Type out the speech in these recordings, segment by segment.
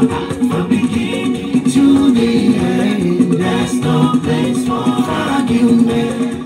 From beginning to the end, there's no place for argument.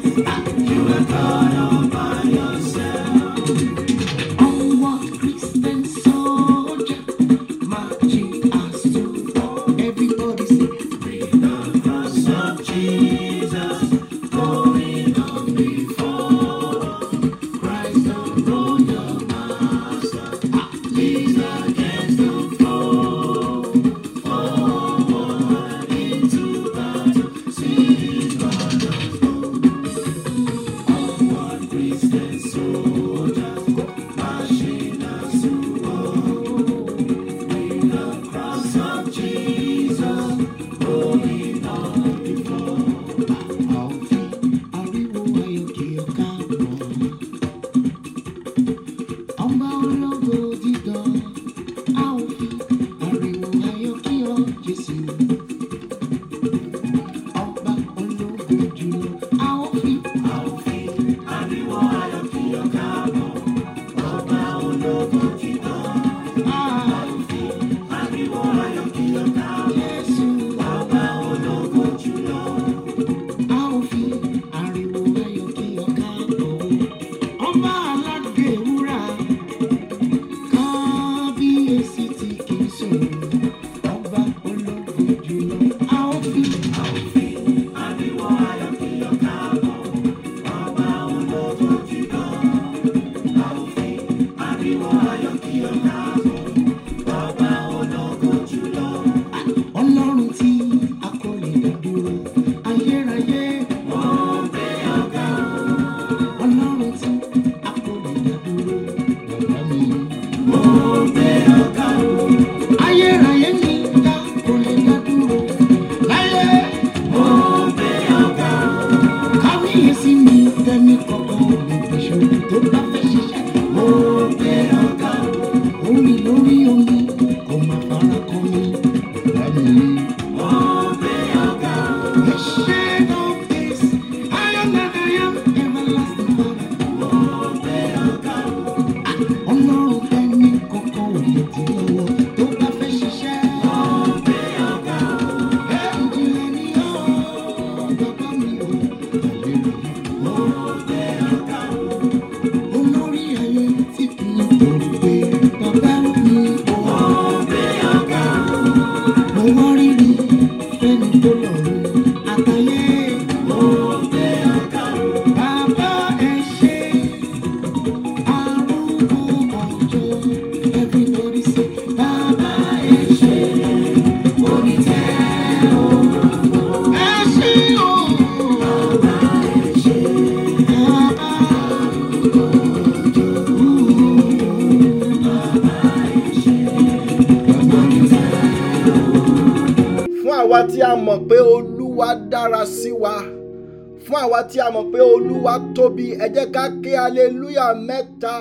tóbi ẹ jẹ́ ká ké aleluya mẹ́ta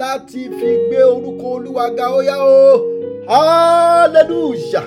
láti fi gbé orúkọ olúwa ga ó yá o hallelujah.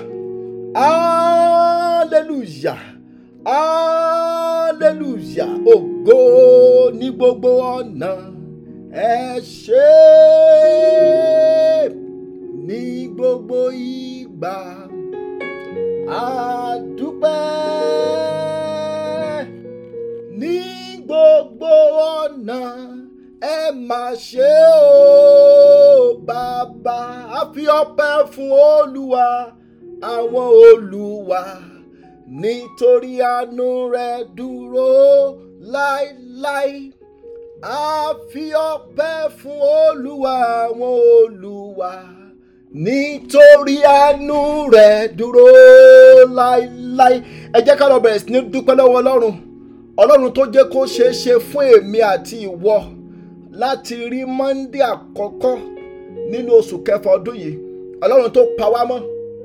rí àánú rẹ̀ dúró láíláí ẹ jẹ́ ká lọ bẹ̀rẹ̀ sí ní dúpẹ́ lọ́wọ́ ọlọ́run ọlọ́run tó jẹ́ kó ṣeé ṣe fún èmi àti ìwọ láti rí monday àkọ́kọ́ nínú oṣù kẹfà ọdún yìí ọlọrun tó pa wá mọ́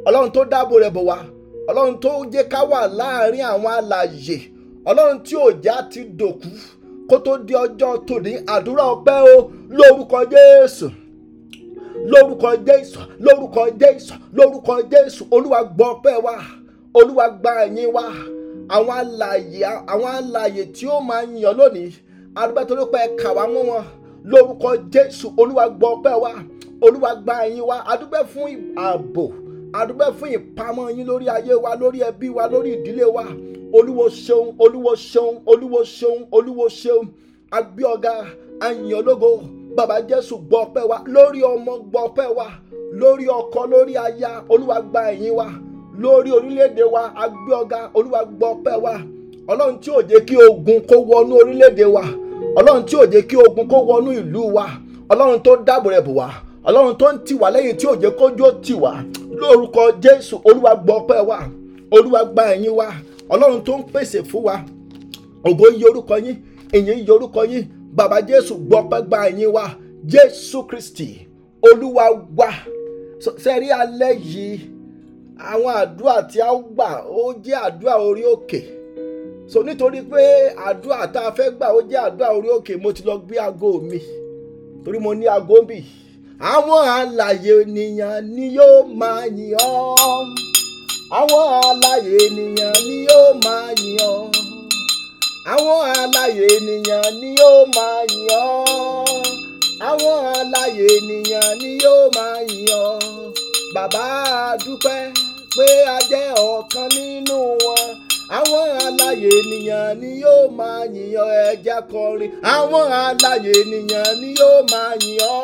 ọlọrun tó dáàbò rẹ bò wá ọlọ́run tó jẹ́ ká wà láàrin àwọn alààyè ọlọrun tí òjá ti dòkú kó tó di ọjọ́ tòní àdúrà ọpẹ́ o lórúkọ jésù. lórúkọ jésù lórúkọ jésù lórúkọ jésù olúwa gbọ́ ọpẹ́ wa olúwa gba ẹ̀yìn wa àwọn alààyè àwọn alààyè tí ó máa yàn lónìí adúgbàtọ́lọ́pẹ́ kà wá mú wọn lórúkọ jésù olúwa gbọ́ ọpẹ́ wa olúwa gba ẹ̀yìn wa adúgbẹ́ fún ààbò adúgbẹ́ fún ìpamọ́ yín lórí ayé wa lórí ẹbí wa lórí ìdílé wa olúwo ṣeun olúwo ṣeun olúwo ṣeun olúwo ṣeun agbé ọ̀gá ayìn ológo bàbá jésù gbọ́ ọpẹ́ wa lórí ọmọ gbọ́ ọpẹ́ wa lórí ọkọ lórí aya olúwa gba ẹ̀yìn wa lórí orílẹ̀-èdè wa agbé ọ̀gá olúwa gbọ́ ọpẹ́ wa ọlọ́run tí ò jẹ́ kí ogun kó wọnú orílẹ̀-èdè wa ọlọ́run tí ò jẹ́ kí ogun kó wọnú ìlú wa ọlọ́run tó dáàbò rẹ̀ bò wá ọlọ́run tó ń tì wá lẹ́yìn tí ò jẹ́ kójú tì wá lórúkọ jésù olúwa gbọ́ ọpẹ́ wa olúwa gba ẹ̀yìn wa ọlọ́run tó ń pèsè fún wa ògo yí orúkọ yín ìyìn yí orúkọ yín bàbá jésù gbọ́pẹ́ gba ẹ̀yìn wa jésù kristi olúwa wa sẹ́rí alẹ́ yìí àwọn àdúrà tí a gbà ó jẹ́ àdúrà orí òkè so nítorí pé àdúrà tá a fẹ́ gbà ó jẹ́ àdúrà orí òkè mo ti lọ gbé aago mi torí mo ní aago bì àwọn alàyè ènìyàn ni yóò máa yìn ọ́ àwọn alàyè ènìyàn ni yóò máa yìn ọ́ àwọn alààyè ènìyàn ni yóò máa yìn ọ́ àwọn alààyè ènìyàn ni yóò máa yìn ọ́ bàbá àdúpẹ́ pé a jẹ́ ọ̀kan nínú wọn àwọn alààyè ènìyàn ni yóò máa yìn ọ́ ẹ jẹ́ kọrin àwọn alààyè ènìyàn ni yóò máa yìn ọ́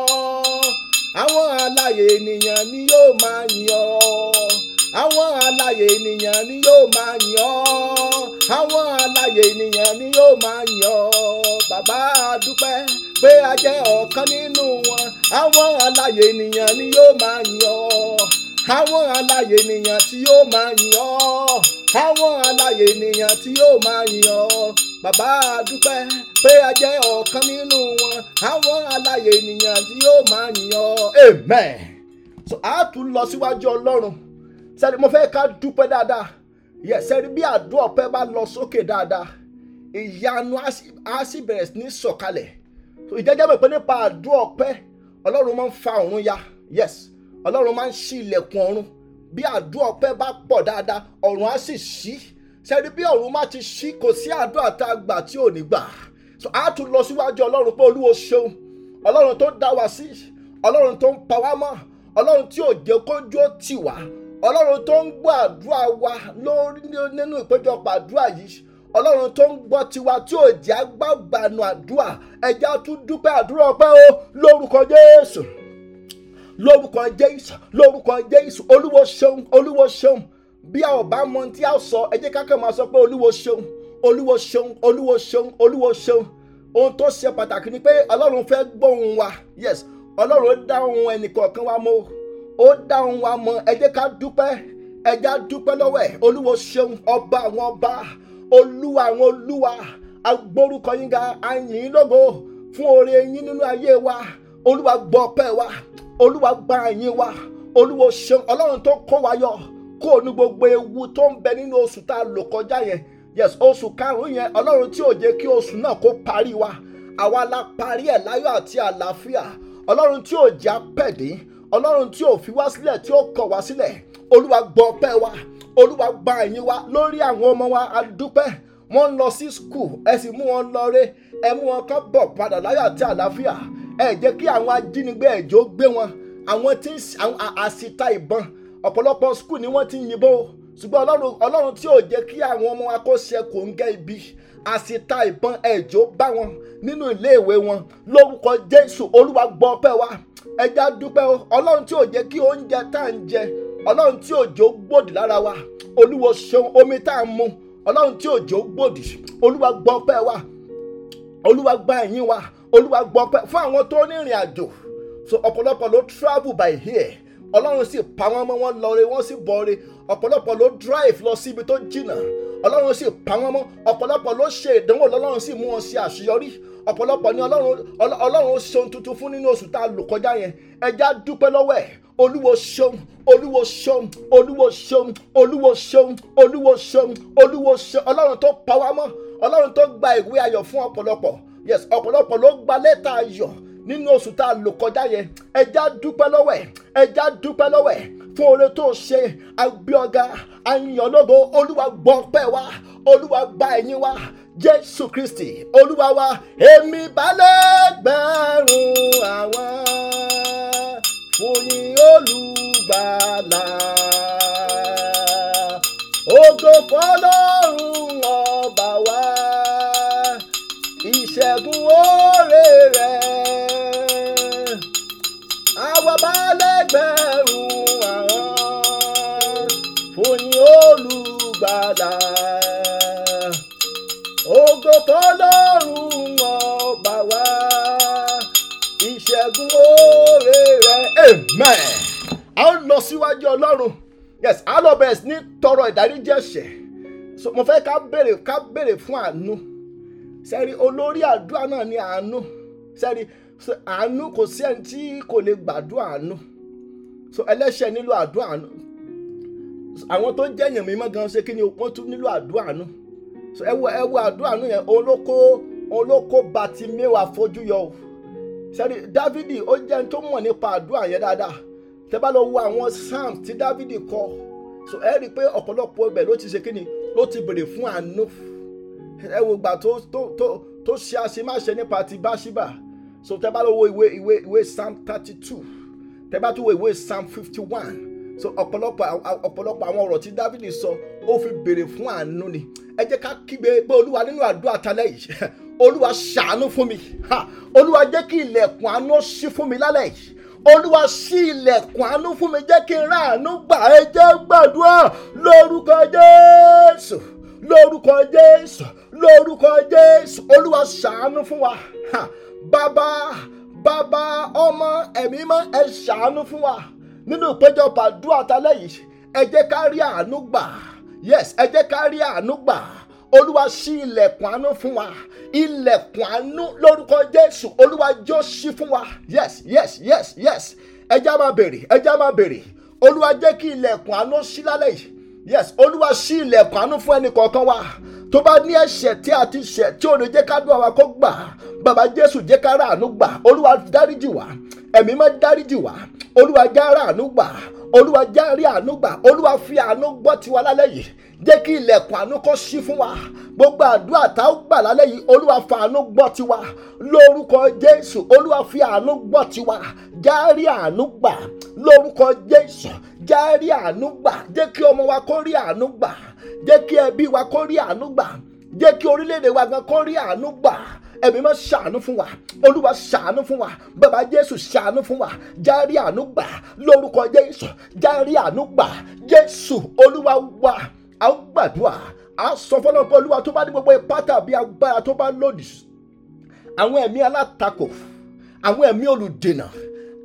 àwọn alààyè ènìyàn ni yóò máa yìn ọ́ àwọn alààyè ènìyàn ni yóò máa yìn ọ́ àwọn alààyè ènìyàn ni yóò máa yìn ọ́ bàbá dúpẹ́ pé a jẹ́ ọ̀kan nínú wọn àwọn alààyè ènìyàn ni yóò máa yìn ọ́ àwọn alààyè ènìyàn tí yóò máa yìn ọ́ àwọn alààyè ènìyàn tí yóò máa yìn ọ́ bàbá dúpẹ́ pé a jẹ́ ọ̀kan nínú wọn àwọn alààyè ènìyàn tí yóò máa yìn ọ́ amen so a tún lọ síwájú ọlọ́run sẹ́ni mo fẹ́ ká dúpẹ́ dáadáa yẹ sẹ́ni bí àdúrà ọpẹ́ bá lọ sókè dáadáa ìyanu á sì bẹ̀rẹ̀ ní sọ̀kalẹ̀ ìjẹ́jẹ́ mi pé nípa àdúrà ọpẹ́ ọlọ́run máa ń fa ọ̀run ya yes ọlọ́run máa ń ṣí ilẹ̀kùn ọ̀run bí àdúrà ọpẹ́ bá pọ̀ dáadáa ọ̀run á sì ṣí sẹ́ni bí ọ̀run má ti ṣí kò sí àdúrà tá a gbà tí ò ní gbà so a tún lọ síwájú ọlọ́run pé olúwo ṣeun ọlọ́run tó dá wa sí ọlọ́run tó ń pa wá mọ́ ọlọ́run tí ò jẹ́ kójú ó tì wá ọlọ́run tó ń gbọ́ àdúrà wa lórí nínú ìpéjọpọ̀ àdúrà yìí ọlọ́run tó ń gbọ́ tiwa tí ò jẹ́ agbábànú àdúrà ẹja tún dúpẹ́ àdúrà ọpẹ́ o lórúkọ jésù lórúkọ jésù lórúkọ jésù olúwo ṣeun olúwo ṣeun bí a ò bá mọ tí a sọ ẹ jẹ́ kákẹ́ máa sọ pé olúwo ṣeun olúwo ṣeun olúwo ṣeun olúwo ṣeun ohun tó ṣe pàtàkì ni pé ọlọ́run fẹ́ gbóhùn wa yes ọlọ́run dá ohùn ẹnìkọ̀ọ̀kan wa mọ́ o ó dáhùn wa mọ̀ ẹ jẹ́ ká dúpẹ́ ẹ jẹ́ á dúpẹ́ lọ́wọ́ ẹ̀ olúwo ṣeun ọba àwọn ọba olúwa àwọn olúwa agbórúkọ yín ga àyìn lógo fún oore yín nínú ayé wa olúwa gbọ́ ọpẹ́ wa olúwa gba àyìn wa olúwo ṣeun ọlọ́run tó kó wa yọ kó nu gbogbo ewu tó ń bẹ nínú oṣù tá a lò kọjá yẹn yes oṣù karùn-ún yẹn ọlọ́run tí ò jẹ́ kí oṣù náà kó parí wa àwa la parí ẹ̀ láyọ̀ àti àlàáfíà ọlọ́run tí ò jẹ́ apẹ̀dín ọlọ́run tí ò fi wá sílẹ̀ tí ó kọ̀ wá sílẹ̀ olúwa gbọ́ ọpẹ́ wa olúwa gba ẹ̀yìn wa lórí àwọn ọmọ wa adúpẹ́ wọ́n ń lọ sí skul ẹ sì mú wọn lọre ẹ mú wọn kán bọ̀ padà láyọ̀ àti àlàáfíà ẹ jẹ́ kí àwọn ajínigbé ẹ̀jọ́ gbé wọn àwọn tí àṣìta ìbọn ọ̀pọ̀lọpọ̀ skul ni wọ́n ti ń yìnbọn o ṣùgbọ́n ọlọ́run tí ò jẹ́ kí àwọn ọmọ wa kó ṣe kò ń gẹ́ ibi àṣìta ìbọn ẹ̀jọ́ bá wọn nínú iléèwé wọn lórúkọ jésù olúwa gbọ́ ọpẹ́ wa ẹja dúpẹ́ o ọlọ́run tí ò jẹ́ kí oúnjẹ tá à ń jẹ ọlọ́run tí òjò gbòdì lára wa olúwo ṣeun omi tá à ń mu ọlọ́run tí òjò gbòdì olúwa gbọ́ pẹ́ wa olúwa gba ẹ̀yìn wa olúwa gbọ́ pẹ́ fún àwọn tó ní ìrìn àjò so ọ̀pọ̀lọpọ̀ ló travel by here ọlọ́run sì pa wọ́n mọ́ wọn lọ́ọ́rẹ́ wọ́n sì bọ́ọ́rẹ́ ọ̀pọ̀lọpọ̀ ló drive lọ síbi tó jìnnà ọlọ́run sì pa wọ́n mọ́ ọ̀pọ̀lọpọ̀ ló ṣe ìdánwò lọ́lọ́run sì mú wọn ṣe àṣeyọrí ọ̀pọ̀lọpọ̀ ni ọlọ́run ṣeun tuntun fún nínú oṣù tá a lò kọjá yẹn ẹja dúpẹ́ lọ́wọ́ ẹ̀ olúwo ṣeun olúwo ṣeun olúwo ṣeun olúwo ṣeun olúwo ṣeun olúwo ṣeun ọlọ́run tó pa wá mọ́ ọlọ́run tó gba ìwé ayọ̀ fún ọ̀pọ̀lọpọ̀ yes ọ̀pọ̀lọpọ̀ ló gba lẹ́tà ayọ̀ nínú oṣù tá a lò kọjá yẹn ẹja dúpẹ́ lọ́wọ́ ẹ̀ ẹja dúpẹ́ lọ́wọ́ ẹ̀ fún oore tó ṣe agbẹ́ọ̀gá ayìnlógo olúwa gbọ́ pẹ́ wa olúwa gba ẹ̀yìn wa jésù kristi olúwa wa èmi balẹ̀ gbẹ̀rún àwọn fún yín olùgbàlà ògo fọlọ́run ọba wa ìṣẹ́gun oore rẹ̀ àwọn balẹ̀ gbẹ̀rún hàn fòyìn olùgbàlà ògo kọlọ́run ọba wa ìṣẹ́gun oore rẹ̀ amen. a ó lọ síwájú ọlọ́run yes a lọ bẹ̀rẹ̀ sí ní tọrọ ìdáríjì ẹ̀ṣẹ̀ mo fẹ́ ká béèrè ká béèrè fún àánú sẹ́rí olórí àdúrà náà ni àánú sẹ́rí àánú kò sí ẹni tí kò lè gbàdúrà àánú so ẹlẹ́ṣẹ̀ nílò àdúrà àánú àwọn tó jẹ́ èèyàn mímọ́ gan ṣe kí ni wọ́n tún nílò àdúrà àánú so ẹ wo ẹ wo àdúrà àánú yẹn olóko olóko bàtí mẹ́wàá fojú yọ sẹ́ni dávidi ó jẹ́ ẹni tó mọ̀ nípa àdúrà yẹn dáadáa tẹ́ bá lọ wo àwọn psalm tí dávidi kọ so ẹ rí i pé ọ̀pọ̀lọpọ̀ ibẹ̀ ló ti ṣe kí ni ló ti bèrè fún àánú ẹ wo gbà tó tó tó tó ṣe àṣemáṣe nípa ti báṣíbà so tẹ́ bá lọ wo ìwé ìwé ìwé psalm thirty two tẹ́ bá tún wo ìwé psalm fifty one so ọ̀pọ̀lọpọ̀ ọ̀pọ̀lọpọ̀ àwọn ọ̀rọ̀ tí dávidi sọ ó fi béèrè fún àánú ni ẹ jẹ́ ká kígbe pé olúwa nínú àdúrà talẹ́ yìí olúwa ṣàánú fún mi olúwa jẹ́ kí ilẹ̀kùn àánú ṣí fún mi lálẹ́ yìí olúwa ṣí ilẹ̀kùn àánú fún mi jẹ́ kí n rà àánú gbà ẹ jẹ́ gbàdúrà lórúkọ jésù lórúkọ jésù lórúkọ jésù olúwa ṣàánú fún wa bàbá bàbá ọmọ ẹ̀mí mọ́ ẹ ṣàánú fún wa nínú ìpéjọpọ̀ àdúrà tálẹ̀ yìí ẹ jẹ́ ká rí àánú gbà yes ẹ jẹ́ ká rí àánú gbà olúwa ṣí ilẹ̀kùn àánú fún wa ilẹ̀kùn àánú lórúkọ jésù olúwa jọ ṣí fún wa yes yes yes yes ẹ já máa bèrè ẹ já máa bèrè olúwa jẹ́ kí ilẹ̀kùn àánú ṣí lálẹ́ yìí yes olúwa ṣí ilẹ̀kùn àánú fún ẹnì kọ̀ọ̀kan wa tó bá ní ẹ̀ṣẹ̀ tí a ti ṣẹ̀ tí ò ní jẹ́ ká dùn àwa kó gbà Baba jésù jẹ́ ká ráàánú gbà olúwa dáríjì wá ẹ̀mí má dáríjì wá olúwa já ráàánú gbà olúwa já rí àánú gbà olúwa fi àánú gbọ́ tiwa lálẹ́ yìí jẹ́ kí ilẹ̀kùn àánú kó ṣí fún wa gbogbo àdúrà tá ó gbà lálẹ́ yìí olúwa fa àánú gbọ́ tiwa lórúkọ jésù olúwa fi àánú gbọ́ tiwa já rí àánú gbà lórúkọ jésù já rí àánú gbà jẹ́ kí ọmọ wa kó rí àánú gbà jẹ́ kí ẹbí wa kó rí àánú gbà jẹ́ kí orílẹ̀-èdè wa gan kó rí àánú gbà ẹ̀mí mọ́ ṣàánú fún wa olúwa ṣàánú fún wa bàbá jésù ṣàánú fún wa járí àánú gbà lórúkọ jésù járí àánú gbà jésù olúwa wa a ó gbàdúrà a sọ fọlọ́pọ̀ olúwa tó bá ní gbogbo ipá tàbí agbára tó bá lòdì àwọn ẹ̀mí alátakò àwọn ẹ̀mí olùdènà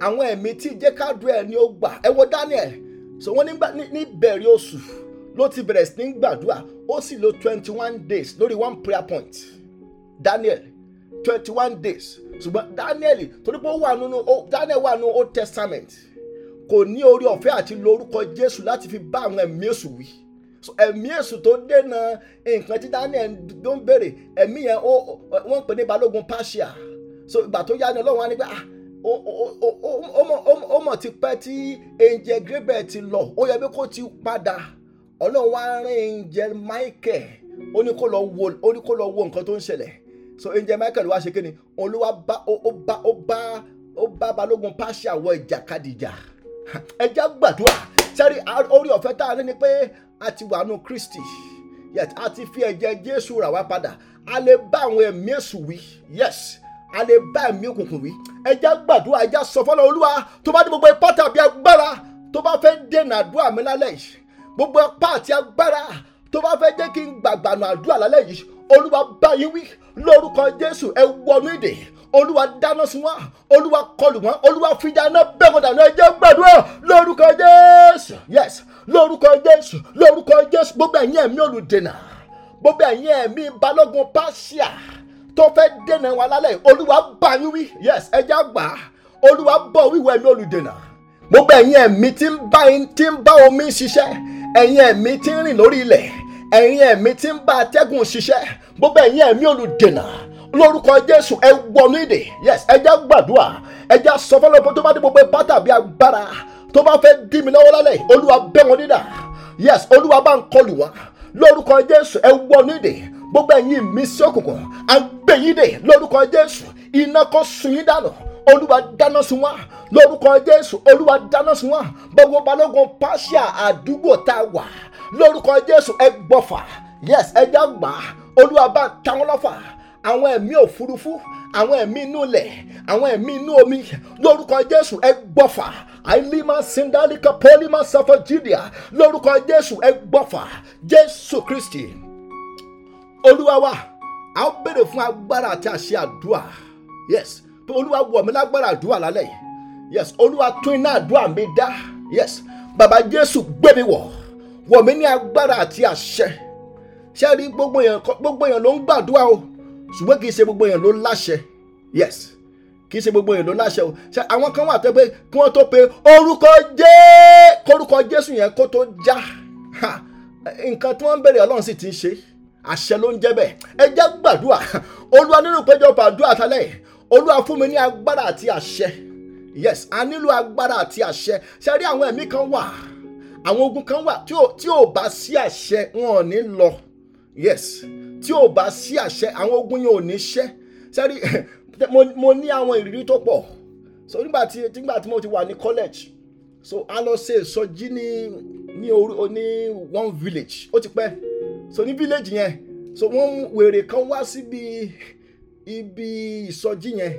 àwọn ẹ̀mí tí jẹ́ káàdùn ẹ̀ ni ó gbà ẹ wo daniel sọ wọ́n níbẹ̀rẹ̀ oṣù ló ti bẹ̀rẹ̀ sí ní gbàdúrà ó sì lo twenty one days lórí one prayer point daniel twenty one days ṣùgbọ́n daniel torí pé ó wà nínú daniel wà nínú old testament kò ní orí ọ̀fẹ́ àti lo orúkọ jésù láti fi bá àwọn ẹ̀mí èṣù wí ẹ̀mí èṣù tó dènà nǹkan tí daniel ló ń béèrè ẹ̀mí yẹn wọ́n pè ní balógun pàṣíà so ìgbà tó yá ni ọlọ́run á ní pé ah ó mọ̀ ti pẹ́ tí angel gabriel ti lọ ó yẹ bí kó ti padà ọlọ́run wá rán angel michael ó ní kó lọ wo nǹkan tó ń ṣẹlẹ̀ so angel michael wá ṣe kí ni òun ló wá bá ó bá ó bá ó bá balógun pàṣẹ àwọ ìjàkadìjà ẹjẹ gbàdúrà sẹ́rí orí ọ̀fẹ́ tá a rí ni pé a ti wà nù kristi yet a ti fi ẹ̀jẹ̀ jésù rà wá padà a lè bá àwọn ẹ̀mí èṣù wí yes a lè bá ẹ̀mí òkùnkùn wí ẹjẹ gbàdúrà ẹjẹ sọ fọlọ olúwa tó bá dé gbogbo ipá tàbí agbára tó bá fẹ́ dènà àdúrà mi lálẹ́ yìí gbogbo ipá àti agbára tó bá fẹ́ jẹ́ kí n gbàgbànú àdúrà lálẹ́ yìí olúwa bá wí lórúkọ jésù ẹ wọnú ìdè olúwa dáná sí wọn olúwa kọlù wọn olúwa fìjà náà bẹ́ wọn dànù ẹ jẹ́ lórúkọ jésù yes lórúkọ jésù lórúkọ jésù gbogbo ẹ̀yin ẹ̀mí olùdènà gbogbo ẹ̀yin ẹ̀mí balógun pàṣíà tó fẹ́ dènà wọn lálẹ́ olúwa bá yín wí yes ẹ já gbà á olúwa bọ̀ wíwọ ẹ̀mí olùdènà gbogbo ẹ̀yin ẹ̀mí tí ń bá omi ṣiṣẹ́ ẹ̀yin ẹ̀mí tí ń rìn lórí ilẹ̀ ẹ̀yin ẹ̀mí tí ń bá atẹ́gùn ṣiṣẹ́ gbogbo ẹ̀yin ẹ̀mí olùdènà lórúkọ jésù ẹ wọnú ìdè yes ẹ já gbàdúrà ẹ já sọ fọlọ pé tó bá dé gbogbo ipá tàbí agbára tó bá fẹ́ dí mi lọ́wọ́ lálẹ́ olúwa bẹ́ wọn nídà yes olúwa bá ń kọlù wá lórúkọ jésù ẹ wọnú ìdè gbogbo ẹ̀yin mi sí òkùnkùn à ń gbé yín dè lórúkọ jésù iná kó sun yín dànù olúwa dáná sun wá lórúkọ jésù olúwa dáná sun wá gbogbo balógun pàṣẹ àdúgbò tá a wà lórúkọ jésù ẹ gbọfà yes ẹ já gbàá olúwa bá ń ta wọ́n lọ́fà àwọn ẹ̀mí òfurufú àwọn ẹ̀mí inú ilẹ̀ àwọn ẹ̀mí inú omi lórúkọ jésù ẹ gbọ́fà àìlímà sindalika pọ́límà sàfọ́jìdìà lórúkọ jésù ẹ gbọ́fà jésù kristi olúwa wa a ó béèrè fún agbára àti àṣẹ àdúrà yes olúwa wọ̀ mí lágbára àdúrà lálẹ́ yìí yes olúwa tún iná àdúrà mi dá yes bàbá jésù gbé mi wọ̀ wọ̀ mí ní agbára àti àṣẹ ṣé rí gbogbo èèyàn gbogbo èèyàn ló ń gbàdúrà o ṣùgbọ́n kì í ṣe gbogbo èèyàn ló láṣẹ yes kì í ṣe gbogbo èèyàn ló láṣẹ o ṣe àwọn kan wà tó pé kí wọ́n tó pe orúkọ jẹ́ kórúkọ Jésù yẹn kó tó já nǹkan tí wọ́n ń bèrè Ọlọ́run sì ti ń ṣe àṣẹ ló ń jẹ́ bẹ́ẹ̀ ẹ jẹ́ gbàdúrà Olúwa nínú ìpéjọpọ̀ àdúrà tálẹ̀ Olúwa fún mi ní agbára àti àṣẹ yes a nílò agbára àti àṣẹ ṣe rí àwọn ẹ̀mí kan wà àwọn ogun kan wà tí ò bá sí àṣẹ wọn ò ní lọ yes tí ò bá sí àṣẹ àwọn ogun yẹn ò ní ṣẹ́ sẹ́rí mo ní àwọn ìrírí tó pọ̀ so nígbà tí nígbà tí mo ti wà ní college so a lọ ṣe ìsọjí ní ní orí ní one village ó ti pẹ́ so ní village yẹn so wọ́n wèrè kan wá síbi ibi ìsọjí yẹn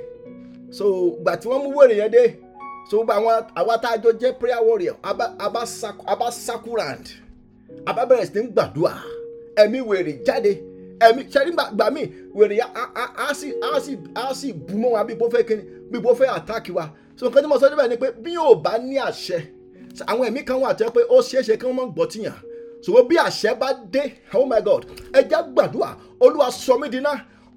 so gbà tí wọ́n mú wèrè yẹn dé so gbogbo àwọn àwa tá a jọ jẹ́ prayer warrior abá abá sakurand abá bẹ̀rẹ̀ sí ní gbàdúrà ẹ̀mí wèrè jáde ẹ̀mí ṣẹ́rí gbà mí wèrè yá á sì á sì á sì bú mọ́ wa bí bó fẹ́ kíni bí bó fẹ́ àtáàkì wa so nǹkan tí mo sọ níbẹ̀ ni pé bí yóò bá ní àṣẹ àwọn ẹ̀mí kan wà tó yẹ pé ó ṣeéṣe kí wọ́n mọ̀ gbọ́ tìyàn ṣùgbọ́n bí àṣẹ bá dé oh my god ẹ jẹ́ gbàdúrà olúwa sọ mí di iná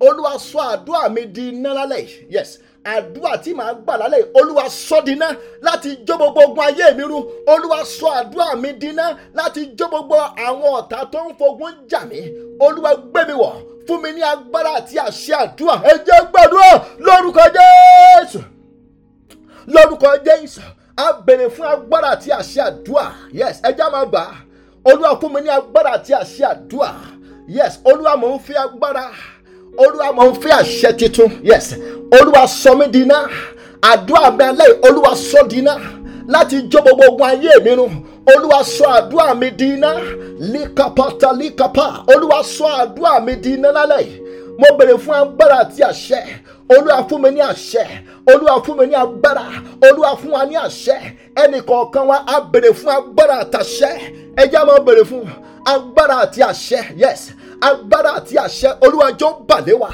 olúwa sọ àdúrà mi di lálẹ́ yes àdúrà tí màá gbà lálẹ́ olúwa sọ dínà láti jó gbogbo ogun ayé mi rú olúwa sọ àdúrà mi dínà láti jó gbogbo àwọn ọ̀tá tó ń fogun jà mí olúwa gbé mi wọ̀ fún mi ní agbára àti àṣẹ àdúrà ẹ jẹ́ gbàdúrà lórúkọ jésù lórúkọ jésù a bèrè fún agbára àti àṣẹ àdúrà yes ẹ jẹ́ máa gbà olúwa fún mi ní agbára àti àṣẹ àdúrà yes olúwa mò ń fi agbára olúwa mo ń fẹ́ àṣẹ titun yes olúwa sọ mí di iná àdúrà mi alẹ́ olúwa sọ di iná láti jó gbogbo ogun ayé mi run olúwa sọ àdúrà mi di iná líkapata olúwa sọ àdúrà mi di lálẹ́ mo bèrè fún agbára àti àṣẹ olúwa fún mi ní àṣẹ olúwa fún mi ní agbára olúwa fún wa ní àṣẹ ẹnìkọ̀ọ̀kan wa á bèrè fún agbára àtàṣẹ ẹ máa bèrè fún agbára àti àṣẹ yes agbára àti àṣẹ olúwàjọ balẹ̀ wa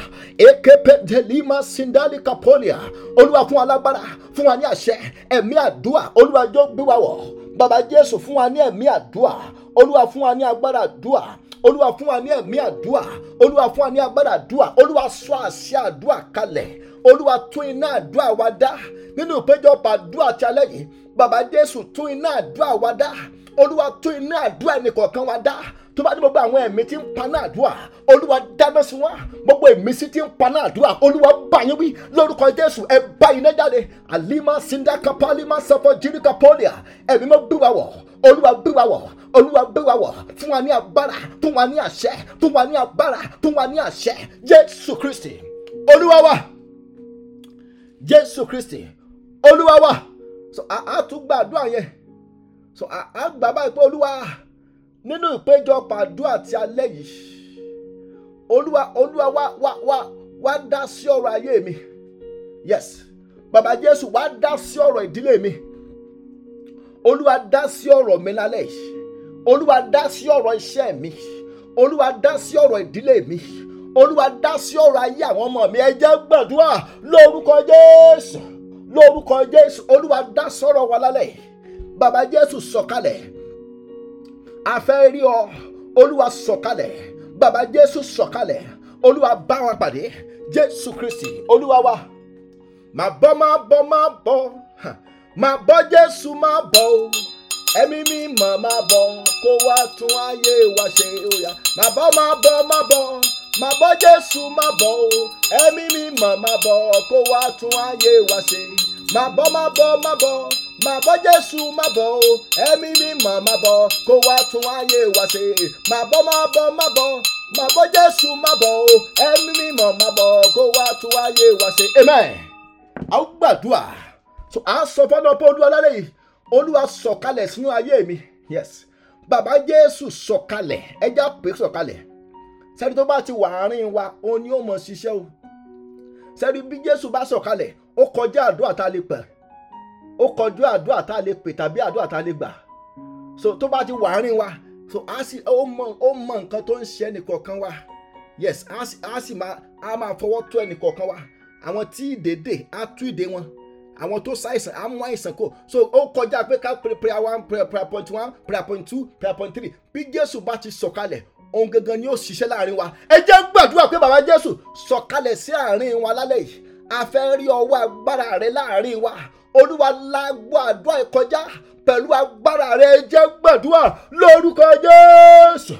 delima sindali kapolia olúwa fún alágbára fún wa ní àṣẹ ẹ̀mí àdúà olúwàjọ gbé wa wọ̀ bàbá jésù fún wa ní ẹ̀mí àdúà olúwa fún wa ní agbára àdúà olúwa fún wa ní ẹ̀mí àdúà olúwa fún wa ní agbára àdúà olúwa sọ àṣẹ àdúà kalẹ̀ olúwa tún iná àdúà wa dá nínú ìpéjọpọ̀ àdúà ti alẹ́ yìí bàbá jésù tún iná àdúà wa dá olúwa tún iná àdúà ẹnìkọ̀ọ̀kan wa dá tó bá ní gbogbo àwọn ẹ̀mí tí ń paná àdúrà olúwa dáná sí wọn gbogbo ẹ̀mí sí tí ń paná àdúrà olúwa bá yín wí lórúkọ jésù ẹ bá iná jáde alima sindakapa alima sọfọ jirika pọlia ẹ̀mí mọ́ bí wa wọ̀ olúwa bí wa wọ̀ olúwa bí wa wọ̀ fún wa ní agbára fún wa ní àṣẹ fún wa ní agbára fún wa ní àṣẹ jésù kristi olúwa wa jésù kristi olúwa wa so a tún yẹn so a gbà báyìí pé olúwa nínú ìpéjọpọ̀ àdúrà ti alẹ́ yìí olúwa olúwa wa wa wa wá dá sí ọ̀rọ̀ ayé mi yes bàbá jésù wá dá sí ọ̀rọ̀ ìdílé mi olúwa dá sí ọ̀rọ̀ mi lálẹ́ yìí olúwa dá sí ọ̀rọ̀ iṣẹ́ mi olúwa dá sí ọ̀rọ̀ ìdílé mi olúwa dá sí ọ̀rọ̀ ayé àwọn ọmọ mi ẹ jẹ́ gbàdúrà lórúkọ jésù lórúkọ jésù olúwa dá sọ̀rọ̀ wa lálẹ́ bàbá jésù sọ̀kalẹ̀. So a fẹ́ rí ọ olúwa sọ̀kalẹ̀ bàbá jésù sọ̀kalẹ̀ olúwa bá wọn pàdé jésù kristi olúwa wa máa bọ́ máa bọ́ máa bọ́ máa bọ́ jésù máa bọ́ o ẹ̀mí mi mọ̀ máa bọ̀ kó wá tún ayé wa ṣe òyà máa bọ́ máa bọ́ máa bọ́ máa bọ́ jésù máa bọ̀ o ẹ̀mí mi mọ̀ máa bọ̀ kó wá tún ayé wa ṣe máa bọ́ máa bọ́ máa bọ́ máa bọ́ jésù máa bọ̀ o ẹ̀mí mímọ́ máa bọ̀ kó wá tún ayé wa ṣe máa bọ́ máa bọ̀ máa bọ̀ máa bọ́ jésù máa bọ̀ o ẹ̀mí mímọ́ máa bọ̀ kó wá tún ayé wa ṣe amen. a ó gbàdúrà so à ń sọ fọ́nà pé olúwa lálẹ́ yìí olúwa sọ̀kalẹ̀ sínú ayé mi yes bàbá jésù sọ̀kalẹ̀ ẹja pé sọ̀kalẹ̀ sẹ́ni tó bá ti wà àárín wa òun ni ó mọ̀ ṣiṣẹ́ o sẹ́ni bí jésù bá sọ̀kalẹ̀ ó kọjá àdúrà tá pẹ̀lú ó kọjú àdúrà tá a lè pè tàbí àdúrà tá a lè gbà so tó bá ti wà rìn wa so á sì ó mọ ó mọ nǹkan tó ń ṣe ẹnìkọ̀ọ̀kan wa yes á sì á sì máa á máa fọwọ́ tó ẹnìkọ̀ọ̀kan wa àwọn tí ìdèdè á tú ìdè wọn àwọn tó ṣàìsàn á mú àìsàn kò so ó kọjá pé ká prayer one prayer prayer point one prayer point two prayer point three bí Jésù bá ti sọ̀kalẹ̀ òun gangan ni ó ṣiṣẹ́ láàrin wa ẹ jẹ́ gbàdúrà pé bàbá Jésù sọ̀kalẹ̀ sí àárín wa lálẹ́ yìí a fẹ́ rí ọwọ́ agbára rẹ láàrin wa olúwa lágbó àdúrà ìkọjá pẹ̀lú agbára rẹ jẹ́ gbàdúrà lórúkọ jésù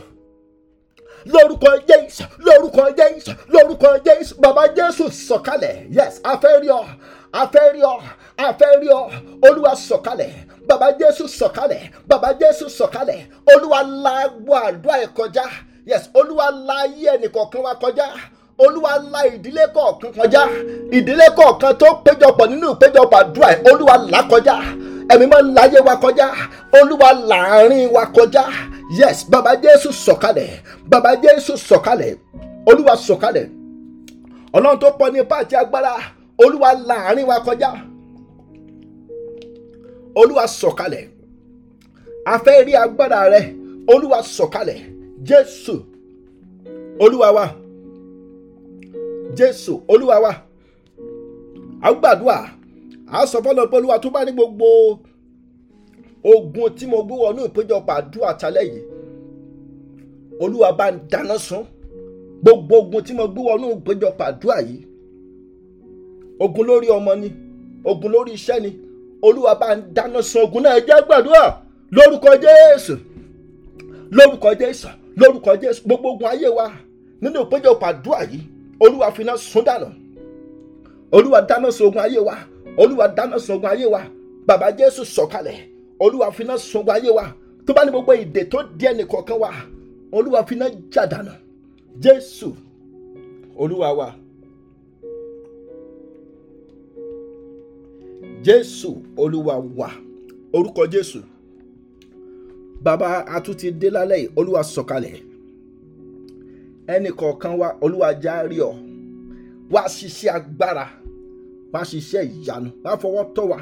lórúkọ jésù lórúkọ jésù lórúkọ jésù bàbá jésù sọ̀kalẹ̀ yes afẹ́rí ọ afẹ́rí ọ afẹ́rí ọ olúwa sọ̀kalẹ̀ bàbá jésù sọ̀kalẹ̀ bàbá jésù sọ̀kalẹ̀ olúwa lágbó àdúrà ìkọjá yes olúwa láyé ẹnìkọ̀ọ̀kan wa kọjá olúwa la ìdílé kọ̀ọ̀kan kọjá ìdílé kọ̀ọ̀kan tó péjọpọ̀ nínú ìpéjọpọ̀ àdúrà ẹ̀ olúwa là kọjá ẹ̀mí máa ń láyé wa kọjá olúwa láàrin wa kọjá yes baba jésù sọ̀kalẹ̀ baba jésù sọ̀kalẹ̀ olúwa sọ̀kalẹ̀ ọlọ́run tó pọ̀ ní ipá àti agbára olúwa láàrin wa kọjá olúwa sọ̀kalẹ̀ a fẹ́ rí agbára rẹ olúwa sọ̀kalẹ̀ jésù olúwa wa. jésù olúwa wa a gbàdúrà a sọ fọlọ pé olúwa tó bá ní gbogbo ogun tí mo gbé wọnú ìpéjọpọ̀ àdúrà talẹ́ yìí olúwa bá ń dáná sun gbogbo ogun tí mo gbé wọnú ìpéjọpọ̀ àdúrà yìí ogun lórí ọmọ ni ogun lórí iṣẹ́ ni olúwa bá ń dáná sun ogun náà jẹ́ gbàdúrà lórúkọ jésù lórúkọ jésù lórúkọ jésù gbogbo ogun ayé wa nínú ìpéjọpọ̀ àdúrà yìí olúwa finá sún dànù olúwa dáná sun ogun ayé wa olúwa dáná sun ogun ayé wa bàbá jésù sọ̀kalẹ̀ olúwa finá sun ogun ayé wa tó bá ní gbogbo ìdè tó díẹ̀ nìkọ̀ọ̀kan wa olúwa finá jà dànù jésù olúwa wa jésù olúwa wa orúkọ jésù bàbá a tún ti dé lálẹ́ yìí olúwa sọ̀kalẹ̀ ẹnì kọ̀ọ̀kan wa olúwa járe ọ̀ wá ṣiṣẹ́ agbára wá ṣiṣẹ́ ìyanu wá fọwọ́ tọ́ wa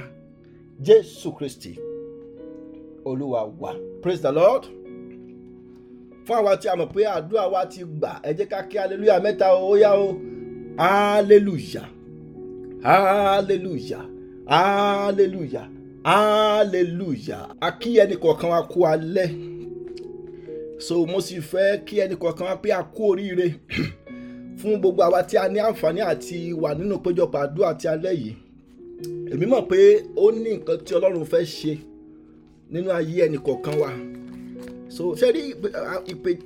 jésù kristi olúwa wa praise the lord fún àwa tí a mọ̀ pé àdúrà wa ti gbà ẹ jẹ́ ká kí hallelujah mẹ́ta ó yá o hallelujah hallelujah hallelujah hallelujah a kí ẹnì wa kú alẹ́ so mo sì fẹ́ kí ẹnì kọ̀ọ̀kan pé a kú oríire fún gbogbo àwa tí a ní àǹfààní àti wà nínú péjọpọ̀ àdúrà ti alẹ́ yìí èmi mọ̀ pé ó ní nǹkan tí ọlọ́run fẹ́ ṣe nínú ayé ẹnì kọ̀ọ̀kan wa so ṣe rí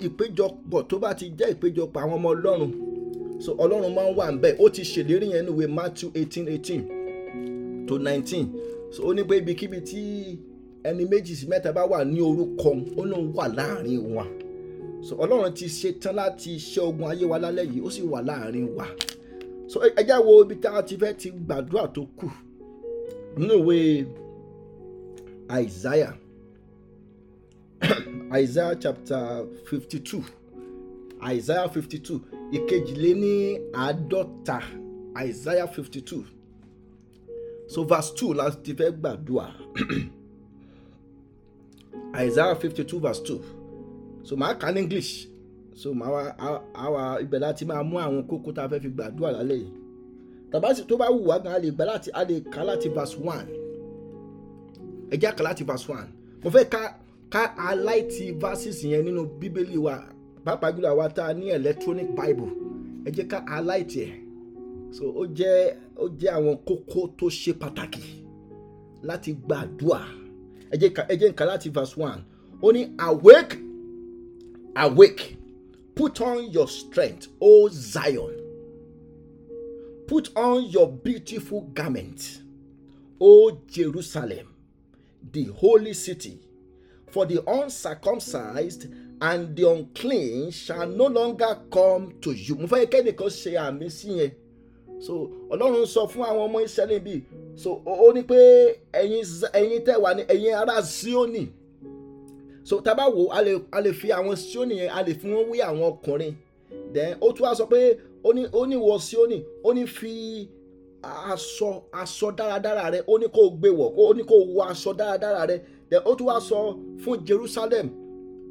ìpéjọpọ̀ tó bá ti jẹ́ ìpéjọpọ̀ àwọn ọmọ ọlọ́run so ọlọ́run máa ń wà níbẹ̀ ó ti ṣèlérí yẹn nínú ìwé Matthew eighteen eighteen to nineteen so ó ní pé ibikíbi Tí ẹni méjì sí mẹ́ta bá wà ní orúkọ ó lóun wà láàrin wa so ọlọ́run ti ṣe tán láti ṣe ogun ayé wa lálẹ́ yìí ó sì wà láàrin wa so ẹ wo ibi tá a ti fẹ́ ti gbàdúrà tó kù nínú ìwé Isaiah Isaiah chapter fifty two Isaiah fifty two ìkejìléní àádọ́ta Isaiah fifty two so verse two la ti fẹ́ gbàdúrà. Isaiah fifty verse two so màá kà English so màá wa àwa ibẹ̀ láti máa mú àwọn kókó tá a fẹ́ fi gbàdúrà lálẹ́ yìí tàbátì tó bá wù wá gan a lè gbà láti a lè kà láti verse one ẹ jẹ́ kà láti verse one mo fẹ́ ká ká aláìtì verses yẹn nínú bíbélì wa pàápàá jùlọ àwa tá a ní electronic bible ẹ jẹ́ ká aláìtì ẹ̀ so ó jẹ́ ó jẹ́ àwọn kókó tó ṣe pàtàkì láti gbàdúrà ẹ jẹ́ nǹkan láti verse one ó ní awake awake put on your strength o Zion put on your beautiful garment o Jerusalem the holy city for the uncircumcised and the unclean shall no longer come to you. mo fẹ́ kẹ́nìkan ṣe àmì sí yẹn so ọlọ́run sọ fún àwọn ọmọ Ísírẹ́lì bíi so ó ní pé ẹ̀yin ẹ̀yin tẹ́ wà ní ẹ̀yin so tá a bá wò a lè a lè fi àwọn Síónì yẹn a lè fi wọ́n wí àwọn ọkùnrin then ó tún wá sọ pé ó ní ó ní wọ Síónì ó ní fi aṣọ aṣọ dáradára rẹ ó ní kó gbé wọ̀ ó ní kó wọ aṣọ dáradára rẹ then ó tún wá sọ fún Jerusalem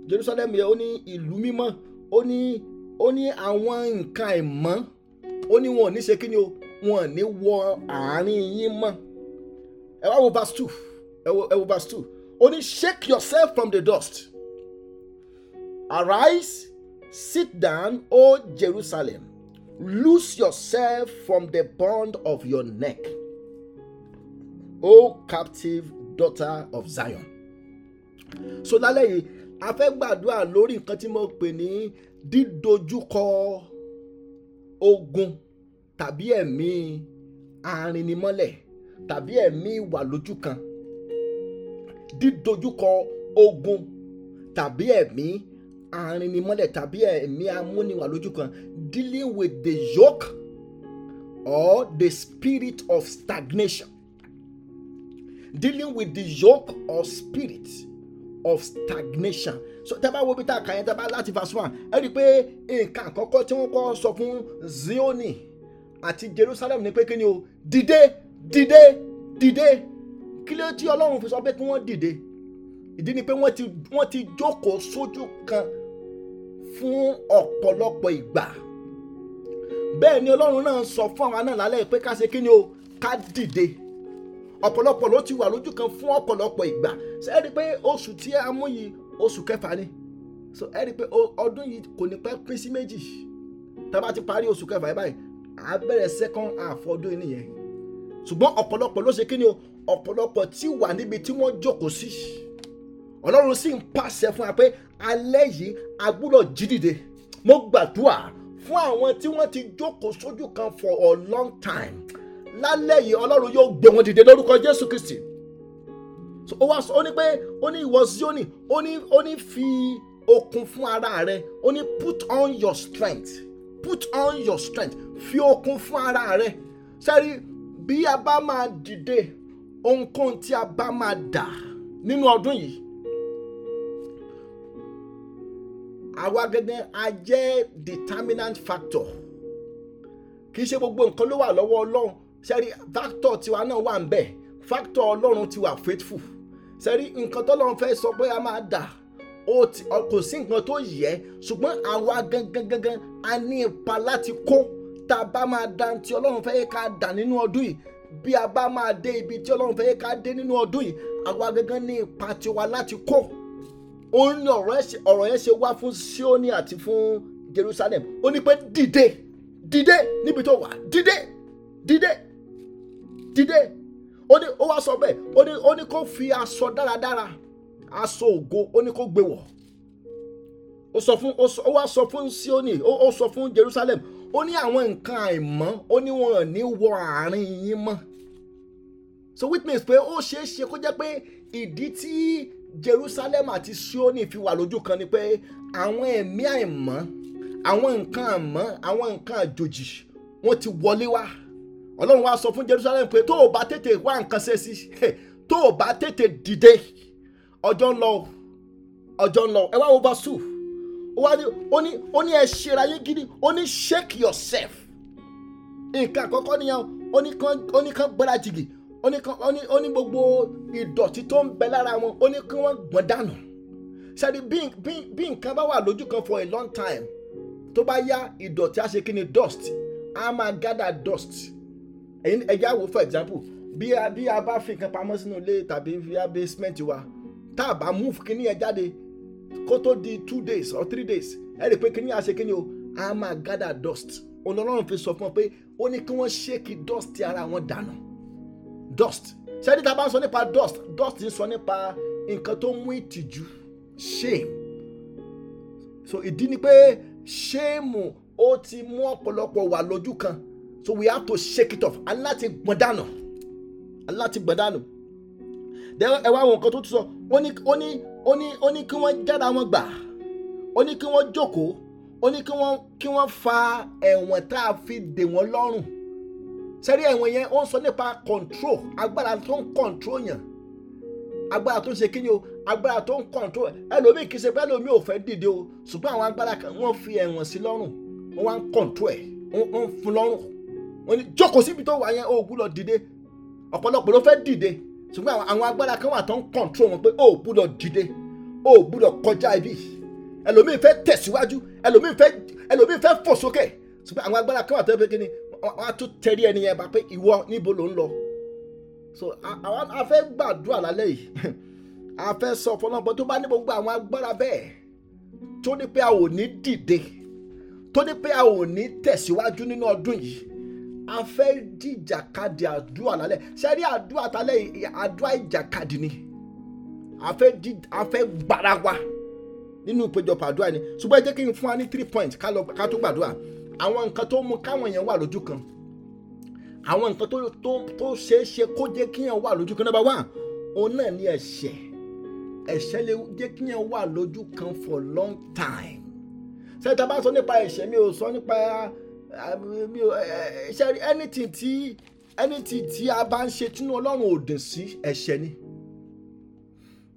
Jerusalem yẹn ó ní ìlú mímọ́ ó ní ó ní àwọn nǹkan àìmọ́ ó ní wọn ò ní ṣe kí ni o wọn ní wọ àárín yín mọ́ ẹ wá wo verse two ẹ wo ẹ wo verse two ó ní shake yourself from the dust arise sit down o Jerusalem loose yourself from the bond of your neck o captive daughter of Zion so lálẹ́ yìí a fẹ́ gbàdúrà lórí nǹkan tí mo pè ní dídojúkọ ogun tàbí ẹ̀mí arinimọ́lẹ̀ tàbí ẹ̀mí ìwà lójú kan dídojúkọ ogun tàbí ẹ̀mí arinimọ́lẹ̀ tàbí ẹ̀mí amúniwà lójú kan dealing with the yoke or the spirit of stagnation dealing with the yoke or spirit of stagnation so tẹ́bá wo bí tá a kà yẹn tẹ́bá láti verse one ẹ rí i pé nǹkan àkọ́kọ́ tí wọ́n kọ́ sọ fún Zioni àti Jerusalem ní pé kí ni o dìde dìde dìde kí ló tí Ọlọ́run fi sọ pé kí wọ́n dìde ìdí ni pé wọ́n ti wọ́n ti jókòó sójú kan fún ọ̀pọ̀lọpọ̀ ìgbà bẹ́ẹ̀ ni Ọlọ́run náà sọ fún àwa náà lálẹ́ pé ká ṣe kí ni o ká dìde ọ̀pọ̀lọpọ̀ ló ti wà lójú kan fún ọ̀pọ̀lọpọ̀ ìgbà ṣe é rí i pé oṣù tí a mú yìí oṣù kẹfà ni so ẹ rí i pé ọdún yìí kò ní pẹ́ pín sí méjì tá a bá ti parí oṣù kẹfà yìí báyìí á bẹ̀rẹ̀ second half ọdún yìí nìyẹn ṣùgbọ́n ọ̀pọ̀lọpọ̀ ló ṣe kí ni o ọ̀pọ̀lọpọ̀ ti wà níbi tí wọ́n jókòó sí ọlọ́run sì ń pàṣẹ fún wa pé alẹ́ yìí a gbúdọ̀ jí dìde mo gbàdúrà fún àwọn tí wọ́n ti jókòó sójú kan for a long time lálẹ́ yìí ọlọ́run yóò gbé wọn dìde lórúkọ jésù kristi ó wá sọ ó ní pé ó ní ìwọ zioni ó ní ó ní fi okun fún ara rẹ ó ní put on your strength put on your strength fi okun fún ara rẹ sẹ́rí bí a bá máa dìde ohunkóhun tí a bá máa dà nínú ọdún yìí àwa gẹ́gẹ́ a jẹ́ determinant factor kì í ṣe gbogbo nǹkan ló wà lọ́wọ́ ọlọ́run sẹ́rí factor tiwa náà wà ń bẹ̀ factor ọlọ́run ti wà faithful sẹ́rí nǹkan tọ́lọ́run fẹ́ sọ pé a máa dà kò sí nǹkan tó yẹ ṣùgbọ́n àwa gangan gangan a ní ipa láti kó tá a bá máa dá tí ọlọ́run fẹ́ ká dà nínú ọdún yìí bí a bá máa dé ibi tí ọlọ́run fẹ́ ká dé nínú ọdún yìí àwa gangan ní ipa tiwa láti kó òun ni ọ̀rọ̀ yẹn ṣe wá fún Síónì àti fún Jerusalem ó ní pé dìde dìde níbi tó wà dìde dìde dìde ó ní ó wá sọ bẹ́ẹ̀ ó ní ó ní kó fi aṣọ dáradára aṣọ ògo ó ní kó gbé wọ̀ ó sọ fún ó wá sọ fún Síónì ó sọ fún Jerusalem ó ní àwọn nǹkan àìmọ́ ó ní wọn ò ní wọ àárín yín mọ́ so which means pé ó ṣeé ṣe kó jẹ́ pé ìdí tí Jerusalem àti Sioni fi wà lójú kan ni pé àwọn ẹ̀mí àìmọ́ àwọn nǹkan àmọ́ àwọn nǹkan àjòjì wọ́n ti wọlé wá Ọlọ́run wá sọ fún Jerusalem pé tó o bá tètè wá nǹkan ṣe sí tó o bá tètè dìde ọjọ́ ń lọ ọjọ́ ń lọ ẹ wá wo bá sùn ó wá ní ó ní ó ní ẹ ṣera yín gidi ó ní shake yourself nǹkan àkọ́kọ́ nìyẹn ó ní kán ó ní kán gbọ́dá jìgì ó ní kán ó ní ó ní gbogbo ìdọ̀tí tó ń bẹ lára wọn ó ní kí wọ́n gbọ́n dànù ṣáàdì bí bí bí nǹkan bá wà lójú kan for a long time tó bá yá ìdọ̀tí á ṣe kí ni dust á máa gather dust ẹ̀yin ẹ̀yà for example bí a bí a bá fi nǹkan pamọ́ sínú ilé tàbí via basement wa tá a bá move kí ni ẹ jáde kó di two days or three days ẹ rí i pé kíní àṣẹ kíní o a máa gather dust ọlọ́run fi sọ fún ọ pé ó ní kí wọ́n ṣéèkì dust ti ara wọn dànù dust ṣẹ́ni tá a bá ń sọ nípa dust dust ń sọ nípa nǹkan tó mú ìtìjú shame so ìdí ni pé shame ó ti mú ọ̀pọ̀lọpọ̀ wà lójú kan so we have to shake it off aláti gbọ̀n dànù aláti gbọ̀n dànù ẹ wá àwọn nǹkan tó tún sọ ó ní ó ní ó ní ó ní kí wọ́n jára wọn gbà ó ní kí wọ́n jókòó ó ní kí wọ́n fa ẹ̀wọ̀n tá a fi dè wọ́n lọ́rùn sẹ́rí ẹ̀wọ̀n yẹn ó ń sọ nípa control agbára tó ń control yàn agbára tó ń ṣe kíni o agbára tó ń control ẹlòmíì kì í ṣe bẹ́ẹ̀ lómi ò fẹ́ dìde o ṣùgbọ́n àwọn agbára kan wọ́n fi ẹ̀wọ̀n sí lọ́rùn wọ́n wá ń control ẹ̀ wọ́n ń fún lọ́rùn wọ́n ní jókòó síbi tó wà yẹn ó gbúdọ̀ dìde ọ̀pọ̀lọpọ̀ ló fẹ́ dìde ṣùgbọ́n àwọn agbára kan wà tó ń control wọn pé ó gbúdọ̀ dìde ó gbúdọ̀ kọjá ibi ẹlòmíì fẹ́ tẹ̀síwájú ẹlòmíì fẹ́ ẹlòmíì fẹ́ fò sókè ṣùgbọ́n àwọn agbára kan wà tó ń pè kí ni wọ́n á tún tẹ̀rí ẹni yẹn bá pé ìwọ níbo ló ń lọ so àwọn a fẹ́ gbàdúrà lálẹ́ yìí a fẹ́ sọ fọlọ́pọ̀ tó bá ní gbogbo àwọn agbára bẹ́ẹ̀ tó ní pé a ò ní dìde tó ní pé a ò ní tẹ̀síwájú nínú ọdún yìí a fẹ́ dìjàkadì àdúrà lálẹ́ sẹ́rí àdúrà tálẹ́ àdúrà ìjàkadì ni a fẹ́ dì a fẹ́ gbára nínú ìpéjọpọ̀ àdúrà ni ṣùgbọ́n ẹ jẹ́ kí n fún wa ní three points ká tó gbàdúrà àwọn nǹkan tó mú káwọn èèyàn wà lójú kan àwọn nǹkan tó tó tó ṣeé ṣe kó jẹ́ kíyàn wà lójú kan number one òun náà ni ẹ̀ṣẹ̀ ẹ̀ṣẹ̀ lè jẹ́ kíyàn wà lójú kan for long time ṣé tá a bá sọ nípa ẹ̀ṣẹ̀ mi ò sọ nípa mi ò anything tí anything tí a bá ń ṣe tínú ọlọ́run ò dùn sí ẹ̀ṣẹ̀ ni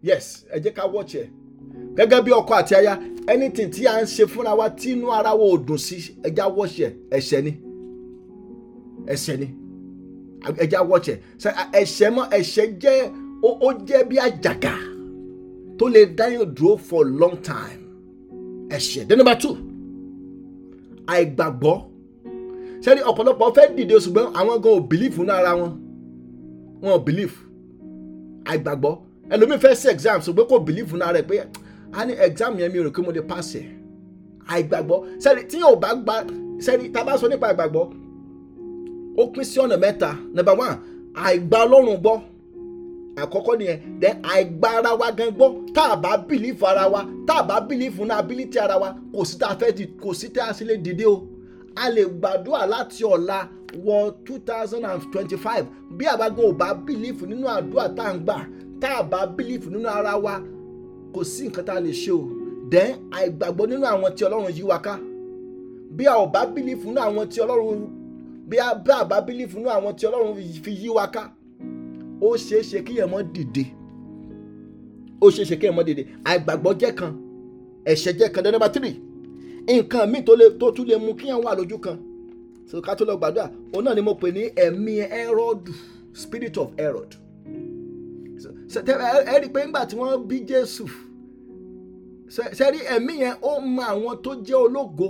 yes ẹ jẹ́ ká watch ẹ̀ gẹ́gẹ́ bí ọkọ àti aya anything tí a ń ṣe fúnra wa tí inú ara wa ò dùn sí ẹ jẹ́ watch ẹ̀ ẹ̀ṣẹ̀ ni ẹ̀ṣẹ̀ ni ẹ jẹ́ watch ẹ̀ ẹ̀ṣẹ̀ mọ́ ẹ̀ṣẹ̀ jẹ́ ó jẹ́ bí àjàgà tó lè dáyọ̀ dúró for long time ẹ̀ṣẹ̀ then number two àìgbàgbọ́ sẹ́ni ọ̀pọ̀lọpọ̀ fẹ́ dìde ṣùgbọ́n àwọn gan ò bìlífù náà ara wọn wọn ò bìlífù àìgbàgbọ́ ẹlòmíì fẹ́ sí exam ṣùgbọ́n kò bìlífù náà rẹ̀ pé a ní exam yẹn mi rò pé mo lè pass ẹ̀ àìgbàgbọ́ sẹ́ni tí yóò bá gba sẹ́ni tá a bá sọ nípa àìgbàgbọ́ ó pín sí ọ̀nà mẹ́ta number one àìgbà ọlọ́run gbọ́ àkọ́kọ́ nìyẹn then àìgbà ara wa gan gbọ́ tá a bá bìlífù ara wa tá a bá bìlífù náà ability ara wa kò sí tá a fẹ́ di kò sí tá a sì lè dìde o a lè gbàdúrà láti ọ̀la wọ two thousand and twenty-five bí àbágbọ́n ò bá bílífù nínú àdúrà tá à ń gbà tá à bá bílífù nínú ara wa kò sí nǹkan tá a lè ṣe o then àìgbàgbọ́ nínú àwọn tí ọlọ́run yí wa ká bí a ò bá bílífù nínú àwọn tí ọlọ́run bí a bá àbá bílífù nínú àwọn tí ọlọ́run fi yí wa ká ó ṣeé ṣe kíyàn mọ́ dìde ó ṣeé ṣe kíyàn mọ́ dìde àìgbàgbọ́ jẹ́ kan ẹ̀ṣẹ̀ jẹ́ kan then number three nǹkan mi tó tún lè mú kíyàn wà lójú kan so ká tó lọ gbàdúrà òun náà ni mo pè ní ẹ̀mí ẹrọ́dù spirit of herod ẹ rí i pé nígbà tí wọ́n bí jésù sẹ́rí ẹ̀mí yẹn ó mọ àwọn tó jẹ́ ológo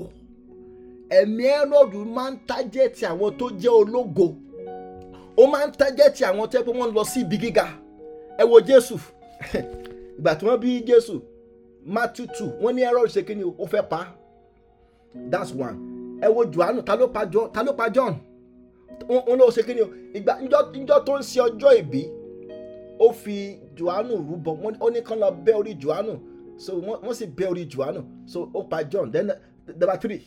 ẹ̀mí ẹrọ́dù máa ń tájẹ́tì àwọn tó jẹ́ ológo ó máa ń tájẹ́tì àwọn tó yẹ pé wọ́n lọ sí ibi gíga ẹ wo jésù ìgbà tí wọ́n bí jésù matthew two wọ́n ní ẹrọ́dù ṣe kí ni ó fẹ́ pa á that's one ẹ wo johannu ta ló pa john ta ló pa john òun ló ṣe kíni o ìgbà níjọ́ tó ń ṣe ọjọ́ ìbí ó fi johannu rúbọ ó ní kán lọ bẹ́ orí johannu so wọ́n sì bẹ́ orí johannu so ó pa john then number three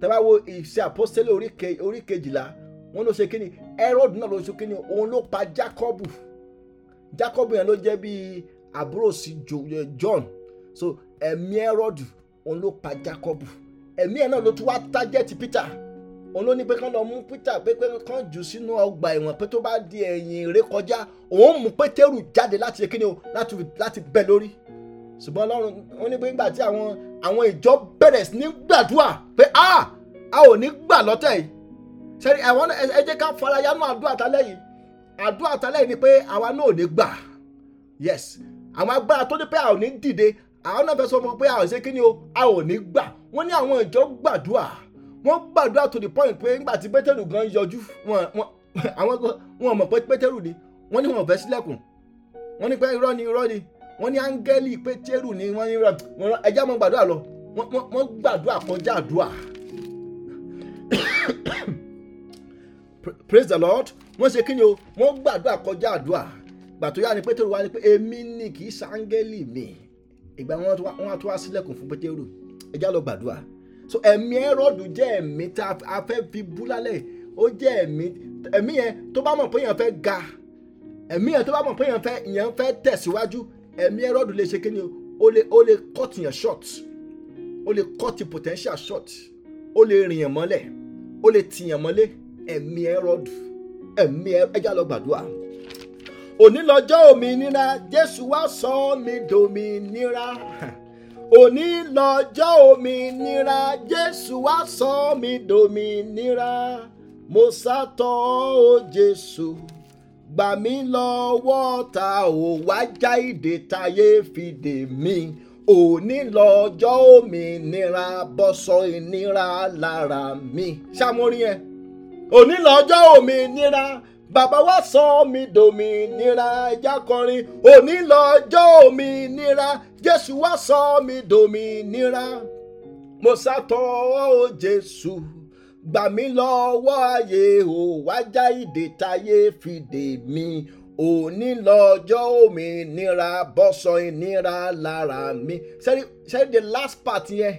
tẹ́lá wo ìṣe àpọ́sẹ́lẹ̀ orí kejìlá wọ́n ló ṣe kíni herod náà ló ṣe kíni òun ló pa jacobu jacobu yẹn ló jẹ́ bíi àbúrò sí john so ẹ̀mí herod òun ló pa jacobu ẹ̀mí ẹ̀ náà ló tún wá tájẹ́tì Peter òun ló ní pé kán lọ mú Peter pé pé kán jù sínú ọgbà ẹ̀wọ̀n pé tó bá di ẹ̀yìn rẹ̀ kọjá òun mú Pétérù jáde láti ṣe kíni o láti bẹ́ lórí ṣùgbọ́n Ọlọ́run ó ní pé nígbà tí àwọn àwọn ìjọ bẹ̀rẹ̀ sí ní gbàdúrà pé a a ò ní gbà lọ́tẹ̀ yìí sẹ́ni àwọn ẹ jẹ́ ká farayánú àdúrà tálẹ̀ yìí àdúrà tálẹ̀ ni pé àwa náà ò ní gbà yes àwọn agbára tó ní pé a ò ní dìde àwọn náà fẹ́ sọ fún pé a ò ṣe kíni o a ò ní gbà wọ́n ní àwọn ìjọ gbàdúrà wọ́n gbàdúrà to the point pé nígbà tí pétérù gan yọjú àwọn mọ̀ pé pétérù ni wọ́n ní wọn ò fẹ́ sílẹ̀kùn wọ́n ní pé irọ́ ni irọ́ ni wọ́n ní áńgẹ́lì pétérù ni wọ́n ní irọ́ ẹjẹ́ wọn gbàdúrà lọ wọ́n gbàdúrà kọjá àdúrà praise the lord wọ́n ṣe kí ni o wọ́n gbàdúrà kọjá àdúrà ìgbà tó yá ni pétérù wá ní pé èmi ni kì í ṣe áńgẹ́lì mi ìgbà wọn á tún wá sílẹ̀kùn fún pétérù ẹjá lọ gbàdúrà so ẹ̀mí ẹrọọdù jẹ́ ẹ̀mí tá a fẹ́ fi bú lálẹ́ ó jẹ́ ẹ̀mí ẹ̀mí yẹn tó bá mọ̀ pé yẹn fẹ́ ga ẹ̀mí yẹn tó bá mọ̀ pé yẹn fẹ́ yẹn fẹ́ tẹ̀síwájú ẹ̀mí ẹrọọdù lè ṣe kí ni o lè o lè cut yẹn short o lè cut potential short o lè rìn yẹn mọ́lẹ̀ o lè tì yẹn mọ́lẹ̀ ẹ̀mí ẹrọọdù ẹ̀mí ẹjá lọ gbàdúrà òní òmìnira Jésù wá sọ mí dòmìnira. òní lọ́jọ́ nira, jésù wá sọ mí nira, mo sátọ̀ ó jésù gbà mí lọ́wọ́ ta ò wá já ìdè táyé fìdè mi òní lọ́jọ́ òmìnira bọ́sọ̀ ìnira lára mi. ṣàmúrí yẹn òní lọ́jọ́ òmìnira bàbá wa sọ mi dòmìnira ẹja kọrin òní lọ́jọ́ òmìnira jésù wa sọ mi dòmìnira mo ṣàtọwọ́ o jésù gbà mí lọ́wọ́ ayé o wájà ìdè táyé fìdè mi òní lọ́jọ́ òmìnira bọ́sọ̀ ìnira lára mi sẹ́rí the last part yẹn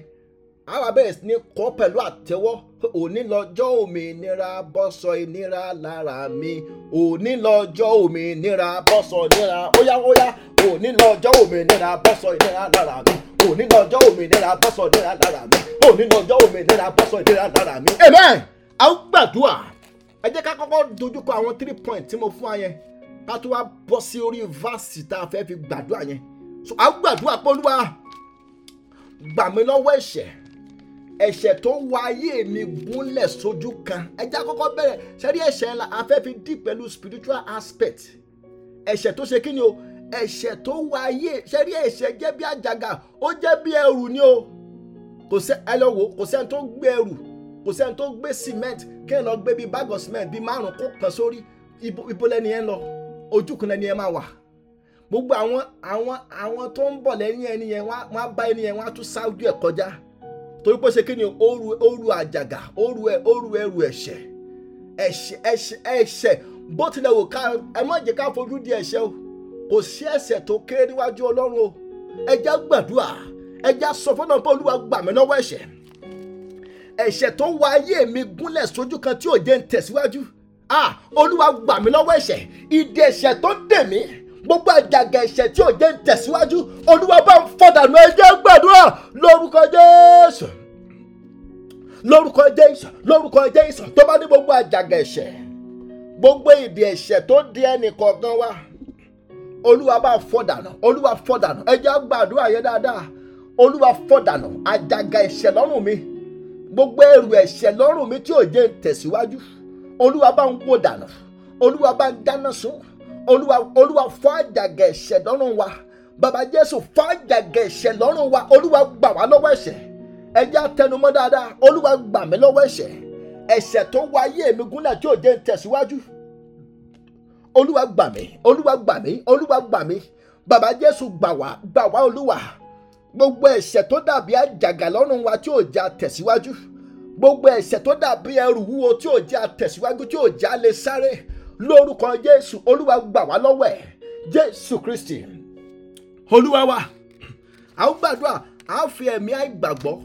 àwọn abẹ́rẹ́ ni kọ́ pẹ̀lú àtẹ́wọ́ òní lọ́jọ́ òmìnira bọ́sọ ìnira lára mi òní lọ́jọ́ òmìnira bọ́sọ ìnira óyá óyá òní lọ́jọ́ òmìnira bọ́sọ ìnira lára mi òní lọ́jọ́ òmìnira bọ́sọ ìnira lára mi òní lọ́jọ́ òmìnira bọ́sọ ìnira lára mi. amen a gbàdúrà ẹ jẹ́ ká kọ́kọ́ dojúkọ àwọn three point tí mo fún wa yẹn ká tó wá bọ́ sí orí vaasi tá a fẹ́ fi gbàdúrà yẹn so a gbàdúrà pé olúwa gbà mí lọ́wọ́ ẹ̀ṣẹ̀ ẹ̀ṣẹ̀ tó ń ayé mi gúnlẹ̀ sójú kan ẹja kọ́kọ́ bẹ̀rẹ̀ sẹ́rí ẹ̀ṣẹ̀ la afẹ́ fi dì pẹ̀lú spiritual aspect ẹ̀ṣẹ̀ tó ṣe kí ni o ẹ̀ṣẹ̀ tó wa ayé sẹ́rí ẹ̀ṣẹ̀ jẹ́ bí àjàgà ó jẹ́ bí ẹrù ni o kò sẹ́ ẹ lọ wò kò sẹ́ni tó gbé ẹrù kò sẹ́ni tó gbé cement kéèyàn lọ gbé bíi bag of cement bíi márùn kó kàn sórí ibo lẹ́ni yẹn lọ ojú kan lẹ́ni yẹn máa wà gbogbo àwọn àwọn àwọn tó ń bọ̀ lẹ́yìn ẹni yẹn wọ́n á bá ẹni yẹn wọ́n á tún ṣáájú ẹ̀ kọjá torí pé ṣe kí ni oru àjàgà oru ẹrù ẹ̀ṣẹ̀ ẹ̀ṣẹ̀ ẹ̀ṣẹ̀ ẹ̀ṣẹ̀ bó tilẹ̀ wò ká ẹ má jẹ́ ká fojú di ẹ̀ṣẹ̀ o kò sí ẹ̀ṣẹ̀ tó kéré níwájú ọlọ́run o ẹ já gbàdúrà ẹ já sọ fọ́nà pé olúwa gbà mí lọ́wọ́ ẹ̀ṣẹ̀ ẹ̀ṣẹ̀ tó wá ayé mi gúnlẹ̀ sójú kan tí ò jẹ́ ń tẹ̀síwájú ah olúwa gbà mí lọ́wọ́ ẹ̀ṣẹ̀ ìdí ẹ̀ṣẹ̀ tó dè mí gbogbo àjàgà ẹ̀ṣẹ̀ tí ò jẹ́ ń tẹ̀síwájú olúwa bá ń fọdànù ẹjẹ́ gbàdúrà lórúkọ jésù lórúkọ jésù lórúkọ jésù tó bá ní gbogbo àjàgà ẹ̀ṣẹ̀ gbogbo ìdí ẹ̀ṣẹ̀ tó di ẹnì kọ̀ọ̀kan wa olúwa bá fọdànù olúwa fọdànù ẹjẹ́ gbàdúrà yẹn dáadáa olúwa fọdànù àjàgà ẹ̀ṣẹ̀ lọ́rùn mi gbogbo ẹrù ẹ̀ṣẹ̀ lọ́rùn mi tí ò jẹ́ ń tẹ̀síwájú olúwa bá ń wò dànù olúwa bá ń dáná sùn olúwa olúwa fọ́ àjàgà ẹ̀ṣẹ̀ lọ́rùn wa bàbá jésù fọ́ àjàgà ẹ̀ṣẹ̀ lọ́rùn wa olúwa gbà wá lọ́wọ́ ẹ̀ṣẹ̀ ẹjẹ́ àtẹnumọ́ dáadáa olúwa gbà mí lọ́wọ́ ẹ̀ṣẹ̀ ẹ̀ṣẹ̀ tó wá ayé mi gúnlẹ̀ tí ò dé ń tẹ̀síwájú olúwa gbà mí olúwa gbà mí olúwa gbà mí bàbá jésù gbà wá gbà wá olúwa gbogbo ẹ̀ṣẹ̀ tó dàbí àjàgà lọ́rùn wa tí ò já tẹ̀síwájú gbogbo ẹ̀ṣẹ̀ tó dàbí ẹrù wúwo tí ò já tẹ̀síwájú tí ò já lè sáré lórúkọ jésù olúwa gbà wá lọ́wọ́ ẹ̀ jésù kristi olúwa wa à ń gbàdúrà à ń fi ẹ̀mí àìgbàgbọ́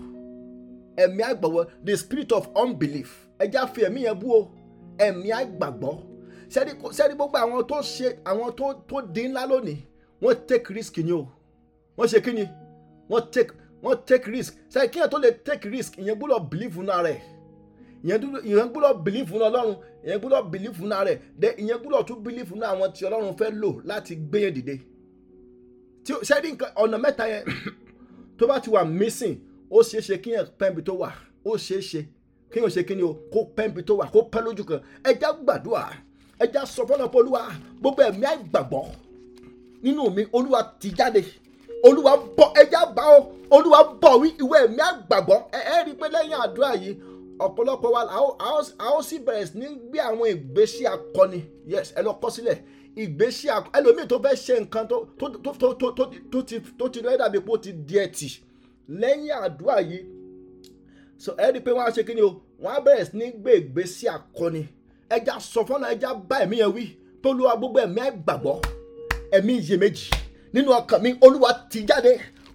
ẹ̀mí àìgbàgbọ́ the spirit of unbelief ẹja fi ẹ̀mí yẹn bú o ẹ̀mí àìgbàgbọ́ sẹ́ni gbogbo àwọn tó ṣe àwọn tó tó dín ńlá lónìí wọ́n take risk ni o wọ́n ṣe kí ni wọ́n take wọ́n take risk sẹ́ni kíyàn tó lè take risk ìyẹn gbọ́dọ̀ believe nínú ara ẹ̀ ìyẹn gbọ́dọ̀ believe nínú ọlọ́run ìyẹn gbúdọ̀ bìlífù náà rẹ̀ dé ìyẹn gbúdọ̀ tún bìlífù náà àwọn tí ọlọ́run fẹ́ lò láti gbéyàn dìde tí sẹ́ẹ̀dì ọ̀nà mẹ́ta yẹn tó bá ti wà missing ó ṣeé ṣe kíyàn pẹ́ǹbì tó wà ó ṣeé ṣe kíyàn ṣe kíni o kó pẹ́ǹbì tó wà kó pẹ́ lójú kan ẹja gbàdúrà ẹja sọ fọlọ pé olúwa gbogbo ẹ̀mí àgbàgbọ́ nínú mi olúwa ti jáde olúwa bọ ẹja bá ọ olúwa bọ wí ìwé ẹ̀mí àgbàgbọ́ ẹ ẹ rí pé lẹ́yìn àdúrà yìí ọ̀pọ̀lọpọ̀ wa a ó sì bẹ̀rẹ̀ ní gbé àwọn ìgbésí akọni yes ẹ lọ kọ́ sílẹ̀ ìgbésí akọni ẹlòmíì tó fẹ́ ṣe nǹkan tó ti rẹ́ dàbí pé ó ti di ẹ̀tì lẹ́yìn àdúrà yìí so ẹ rí i pé wọ́n á ṣe kí ni o wọ́n á bẹ̀rẹ̀ sí ní gbé ìgbésí akọni ẹja sọ fọ́nà ẹja bá ẹ̀mí yẹn wí tó lọ́wọ́ gbogbo ẹ̀mí àgbàgbọ́ ẹ̀mí iyèméjì nínú ọkàn mi olúwa ti jáde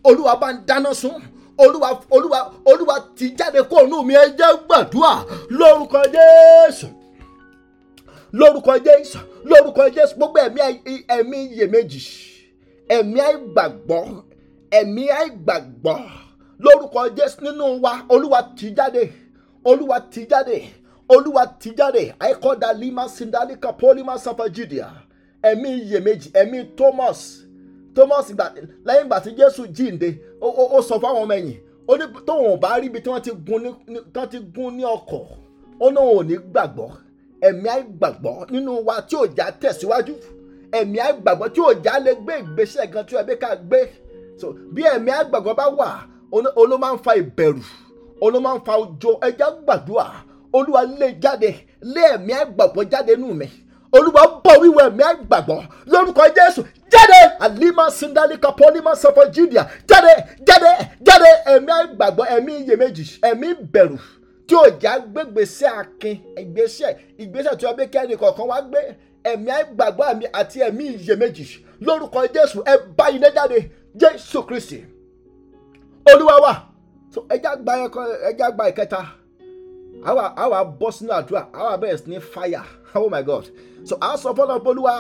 olúwa bá ń dáná sun olúwa olúwa olúwa ti jáde kó inú mi ẹ jẹ́ gbàdúrà lórúkọ jésù lórúkọ jésù lórúkọ jésù gbogbo ẹ̀mí ẹ̀mí iyèméjì ẹ̀mí àìgbàgbọ́ ẹ̀mí àìgbàgbọ́ lórúkọ jésù nínú wa olúwa ti jáde olúwa ti jáde olúwa ti jáde àìkọ́dà lima sindalika polima safajidia ẹ̀mí iyèméjì ẹ̀mí thomas thomas lẹ́yìn ìgbà tí jésù jíǹde ó sọ fáwọn ọmọ ẹ̀yìn ó ní tóun ò bá rí ibi tí wọ́n ti gún ní ọkọ̀ ó náà ò ní gbàgbọ́ ẹ̀mí àìgbàgbọ́ nínú wa tí òjá tẹ̀síwájú ẹ̀mí àìgbàgbọ́ tí òjá lè gbé ìgbésẹ̀ gan tí ẹbí ká gbé so bí ẹ̀mí àìgbàgbọ́ bá wà oló máa ń fa ìbẹ̀rù oló máa ń fa ojo ẹja gbàdúrà olúwa lè jáde lé ẹ̀mí àìgbàgbọ́ jáde nù mí olúwa bọ̀ wíwẹ̀ ẹ̀mí àgbàgbọ́ lórúkọ jésù jáde alima sindalika polima sọfọ judea jáde jáde jáde ẹ̀mí àgbàgbọ́ ẹ̀mí iyèméjì ẹ̀mí bẹ̀rù tí ò já gbégbèsè akin ìgbésẹ̀ ìgbésẹ̀ tó yẹ bí kẹ́ni kọ̀ọ̀kan wá gbé ẹ̀mí àgbàgbọ́ àmì àti ẹ̀mí iyèméjì lórúkọ jésù ẹ bá iná jáde jésù kristi olúwa wa ẹjá gba ẹjá gba ìkẹta àwa àwa bọ́ sínú àdúrà àwa bẹ̀rẹ̀ sí ní fáyà oh my god so à ń sọ fọlọ́n polúwa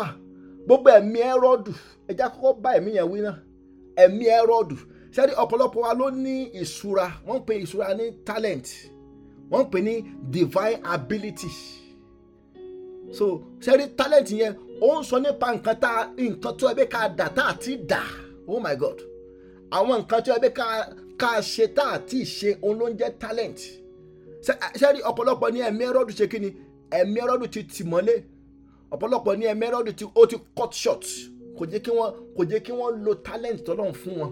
gbogbo ẹ̀mí ẹ̀rọ́dù ẹja kọ́kọ́ bá ẹ̀mí yẹn wí náà ẹ̀mí ẹ̀rọ́dù sẹ́ni ọ̀pọ̀lọpọ̀ wa ló ní ìṣúra wọ́n ń pè ìṣúra ní talent wọ́n ń pè ní divine ability so sẹ́ni talent yẹn ó ń sọ nípa nǹkan tá nǹkan tó ẹbí ká dà tá àti dà oh my god àwọn nǹkan tó ẹbí ká ká ṣe tá àti ṣe òun ló ń jẹ́ talent sẹ́ni ọ̀pọ̀lọpọ̀ ní ẹ̀mí ẹ̀rọ́dù ṣe kí ni ẹ̀mí Ẹ́rọ́dù ti tì mọ́lé ọ̀pọ̀lọpọ̀ ní ẹ̀mí Ẹ́rọ́dù ti ó ti cut short kò jẹ́ kí wọ́n kò jẹ́ kí wọ́n lo talent tọ́lọ́run fún wọn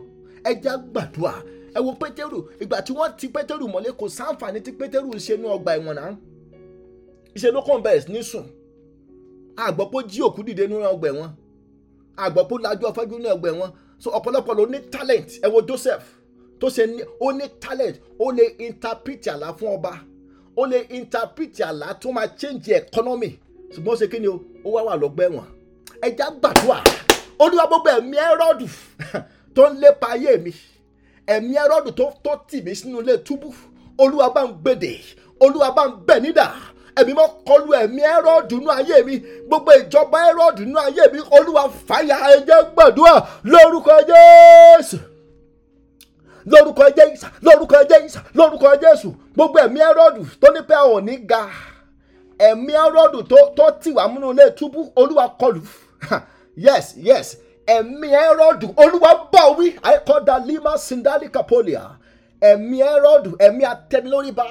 ẹ já gbàdúrà ẹ wo Pétérù ìgbà tí wọ́n ti Pétérù mọ́lé kò sáǹfààní tí Pétérù ń ṣe ní ọgbà ẹ̀wọ̀n náà ìṣe ló kàn bẹ̀rẹ̀ ní sùn àgbọ̀pọ̀ jí òkú dìde nínú ọgbà ẹ̀wọ̀n àgbọ̀pọ̀ lajú ọ̀fẹ́jú nínú ọgbà ẹ̀wọ̀n so ọ̀pọ̀lọpọ̀ ló ní talent ẹ wo Joseph tó ṣe ó ní talent ó lè interpret àlá fún ọba ó lè interpret àlá tó máa change the economy ṣùgbọ́n ṣe kí ni o ó wá wà lọ́gbẹ́ wọn ẹja gbàdúrà olúwa gbogbo ẹ̀mí ẹ̀rọ́dù tó ń lépa ayé mi ẹ̀mí ẹ̀rọ́dù tó tì mí sínú ilé túbú olúwa bá ń gbèdè olúwa bá ń bẹ̀ nídà ẹ̀mí mọ́ kọlu ẹ̀mí ẹ̀rọ́dù nínú ayé mi gbogbo ìjọba ẹ̀rọ́dù nínú ayé mi olúwa fàyà ẹ̀jẹ̀ gbàdúrà lórúkọ Jésù lórúkọ jésù lórúkọ jésù lórúkọ jésù gbogbo ẹ̀mí ẹrọ́dù tó ní pé àwọn ò ní ga ẹ̀mí ẹrọ́dù tó tì wá múnú ilé túbú olúwa kọlù yes yes ẹ̀mí ẹrọ́dù olúwa bá wí àìkọ́dà lima sindali kapolia ẹ̀mí ẹrọ́dù ẹ̀mí atẹnilóríba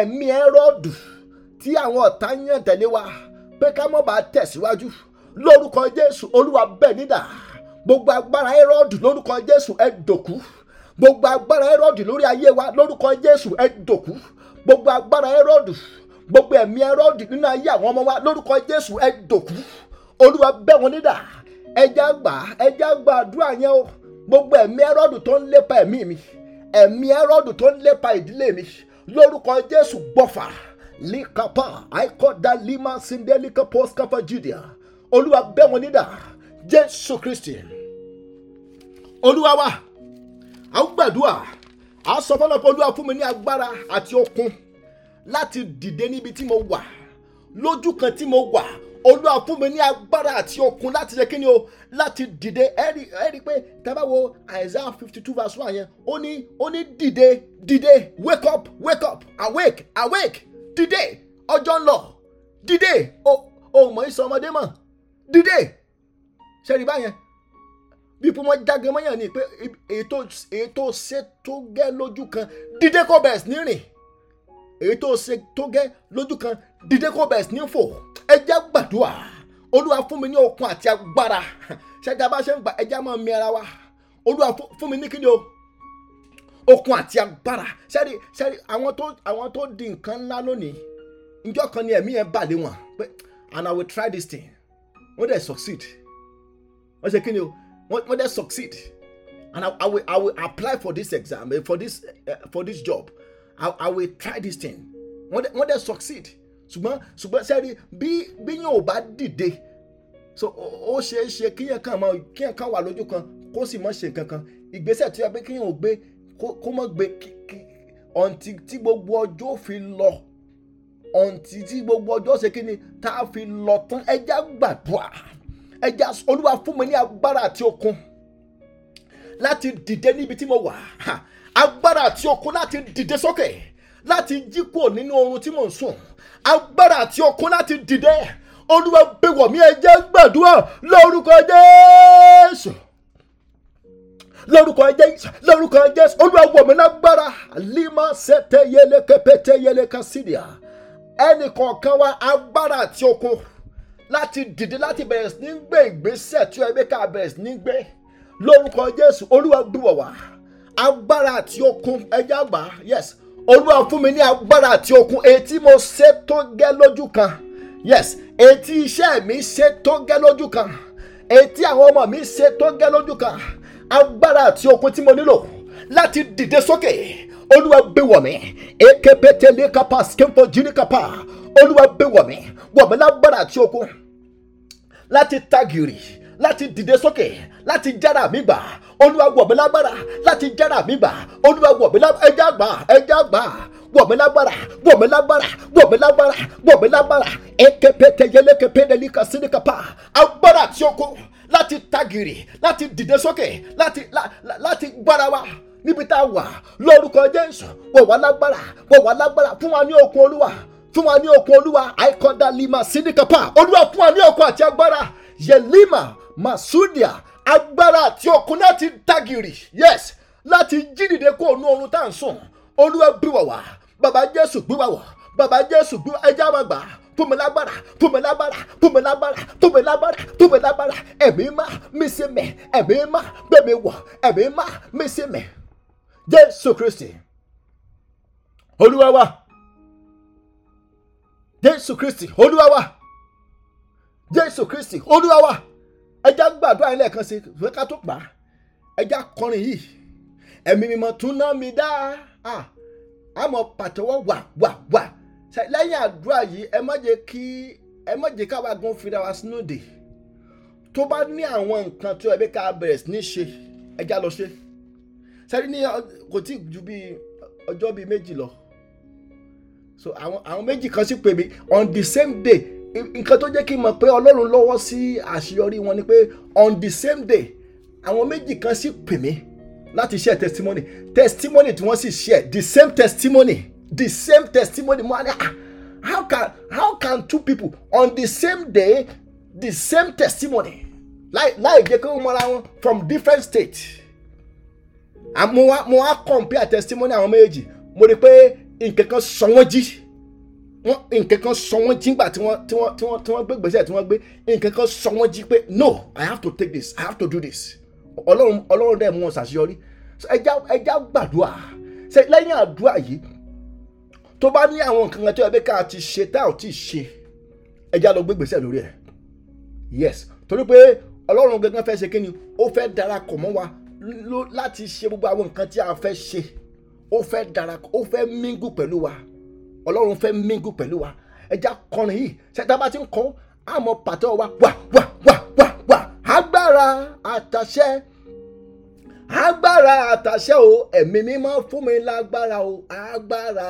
ẹ̀mí ẹrọ́dù tí àwọn ọ̀tá yàn tẹ̀lé wa pé ká mọ̀ bá tẹ̀síwájú lórúkọ jésù olúwa bẹ̀ nídà gbogbo agbára ẹrọ́dù lórúkọ jésù ẹ dòkú gbogbo agbára Hẹ́rọ́dù lórí ayé wa lórúkọ Jésù ẹ dòkú gbogbo agbára Hẹ́rọ́dù gbogbo ẹ̀mí Hẹ́rọ́dù nínú ayé àwọn ọmọ wa lórúkọ Jésù ẹ dòkú Olúwa bẹ́ wọn nídà ẹja gbà ẹja gbà àdúrà yẹn o gbogbo ẹ̀mí Hẹ́rọ́dù tó ń lépa ẹ̀mí mi ẹ̀mí Hẹ́rọ́dù tó ń lépa ìdílé mi lórúkọ Jésù gbọ́fà likapa àìkọ́dá lima sindelika postcapa judea Olúwa bẹ́ wọn nídà Jésù Kristi Olúwa wa a ó gbàdúrà a sọ fọlọ́ pé olúwa fún mi ní agbára àti okun láti dìde níbi tí mo wà lójú kan tí mo wà olúwa fún mi ní agbára àti okun láti ṣe kíni o láti dìde ẹ̀rí ẹ̀rí pé tẹ́lá wo Isaiah fifty two verse one yẹn ó ní ó ní dìde dìde wake up wake up awake awake dìde ọjọ́ ń lọ dìde o ò mọ̀ ìsọ ọmọdé mọ̀ dìde ṣe rí báyẹn bí pé wọ́n jágbe mọ́yàn ni pé èyí tó ṣe tó gẹ́ lójú kan dídé kó bẹ̀rẹ̀ sí ní rìn èyí tó ṣe tó gẹ́ lójú kan dídé kó bẹ̀rẹ̀ sí ní fò ẹ gbàdúrà olúwa fún mi ní okun àti agbára ṣẹjá bá ṣe ń gbà ẹ máa mi ara wa olúwa fún mi ní kí ni o okun àti agbára ṣẹ́rí ṣẹ́rí àwọn tó di nǹkan ńlá lónìí njọ́ kan ni ẹ̀mí yẹn bà lé wọn pé and I will try this thing wọ́n dẹ̀ succeed wọ́n ṣe kí ni o wọ́n They succeed and I, I, will, I will apply for this exam eh, for this uh, for this job I, I will try this thing wọ́n They succeed ṣùgbọ́n ṣùgbọ́n sẹ́rí bí bí yẹn bá dìde so ó ṣeé ṣe kíyàn kan mọ kíyàn kan wà lójú kan kó sì mọ ṣe nǹkan kan ìgbésẹ̀ tó yẹ pé kíyàn ò gbé kó mọ gbé ọ̀ǹtí tí gbogbo ọjọ́ fi lọ ọ̀ǹtí tí gbogbo ọjọ́ ṣe kí ni tá a fi lọ tán ẹja gbàdúrà ẹja olúwa fún mi ní agbára àti okun láti dìde níbi tí mo wà agbára àti okun láti dìde sókè láti jí kúrò nínú oorun tí mò ń sùn agbára àti okun láti dìde olúwa bẹ̀wọ̀ mi ẹ jẹ́ gbàdúrà lórúkọ jésù lórúkọ jésù lórúkọ jésù olúwa wọ̀ mí lágbára lima sẹ́tẹ̀ yẹlẹ́kẹ́ pẹ́tẹ́ yẹlẹ́kẹ́ sídìá ẹnì kọ̀ọ̀kan wa agbára àti okun láti dìde láti bẹ̀rẹ̀ sí ní gbé ìgbésẹ̀ tí ó yẹ ká bẹ̀rẹ̀ sí ní gbé lórúkọ jésù olúwa gbúwọ̀ wá agbára àti okun ẹja gbà yes olúwa fún mi ní agbára àti okun etí mo ṣe tó gẹ́ lójú kan yes etí iṣẹ́ mi ṣe tó gẹ́ lójú kan etí àwọn ọmọ mi ṣe tó gẹ́ lójú kan agbára àti okun tí mo nílò láti dìde sókè olúwa gbé wọ̀ mí èké pété lè kápá skin for jírí kápá olúwa gbé wọ̀mí wọ̀mí lágbára àti okun láti tagìrì láti dìde sókè láti jára mi gbà olúwa wọ̀mí lágbára láti jára mi gbà olúwa wọ̀mí lágbára ẹja gbà ẹja gbà wọ̀mí lágbára wọ̀mí lágbára wọ̀mí lágbára wọ̀mí lágbára ekepete yelekepe nelika sinikapa agbára àti okun láti tagìrì láti dìde sókè láti láti gbára wa níbi tá a wà lórúkọ jésù wọ̀ wá lágbára wọ̀ wá lágbára fún wa ní okun olúwa fún wa ní okun olúwa àìkọ́dá lima sídìkápá olúwa fún wa ní okun àti agbára yelima masudia agbára àti okun láti dagiri yes láti jí dìde kó onú oorun tá à ń sùn olúwa bí wà wá bàbá jésù gbé wà wá bàbá jésù gbé ẹjẹ àwọn àgbà fún mi lágbára fún mi lágbára fún mi lágbára fún mi lágbára fún mi lágbára ẹ̀mí má mi sí mi sí mẹ́ jésù kristi olúwa wa jésù kristi olúwa wa jésù kristi olúwa wa ẹja gbàdúrà yín lẹ́ẹ̀kan sí ìwé ká tó pa ẹja kọrin yìí ẹ̀mí mímọ́ tún ná mi dá àmọ́ pàtẹ́wọ́ wà wà wà lẹ́yìn àdúrà yìí ẹ má jẹ́ kí ẹ má jẹ́ káwa gan fira wa sínú dè tó bá ní àwọn nǹkan tó ẹbí ká bẹ̀rẹ̀ sí ní ṣe ẹja lọ ṣe sẹ́ni ní kò tí ju bíi ọjọ́ bíi méjì lọ so àwọn àwọn méjì kan sì pè mí on the same day nǹkan tó jẹ́ kí n mọ̀ pé ọlọ́run lọ́wọ́ sí àṣeyọrí wọn ni pé on the same day àwọn méjì kan sì pè mí láti share testimony testimony tí wọ́n sì share the same testimony the same testimony mo ní ah how can how can two people on the same day the same testimony láì láì jẹ́ kí wọ́n mọ̀ra wọn from different states mo wá mo wá compare testimony àwọn méjì mo rí i pé nǹkan kan sọ wọ́n jí wọ́n nǹkan kan sọ wọ́n jí nígbà tí wọ́n tí wọ́n tí wọ́n tí wọ́n gbé gbèsè tí wọ́n gbé nǹkan sọ wọ́n jí pé no i have to take this i have to do this ọlọ́run ọlọ́run dẹ̀ mú wọn ṣàṣeyọrí ẹja ẹja gbàdúrà ṣe lẹ́yìn àdúrà yìí tó bá ní àwọn nǹkan kan tó yẹ pé ká ti ṣe tá ò tí ì ṣe ẹja lọ gbé gbèsè lórí ẹ̀ yes torí pé ọlọ́run gangan fẹ́ ṣe kí ni ó fẹ́ darapọ̀ mọ́ wa láti ṣe gbogbo àwọn nǹkan tí a fẹ́ ṣe ó fẹ́ darapọ̀ ó fẹ́ mingu pẹ̀lú wa ọlọ́run fẹ́ mingu pẹ̀lú wa ẹja kọrin yìí ṣẹta bá ti ń kọ́ àmọ́ pàtó wa wà wà wà wà agbára àtàṣẹ agbára àtàṣẹ o ẹ̀mí mímọ́ fún mi lágbára o agbára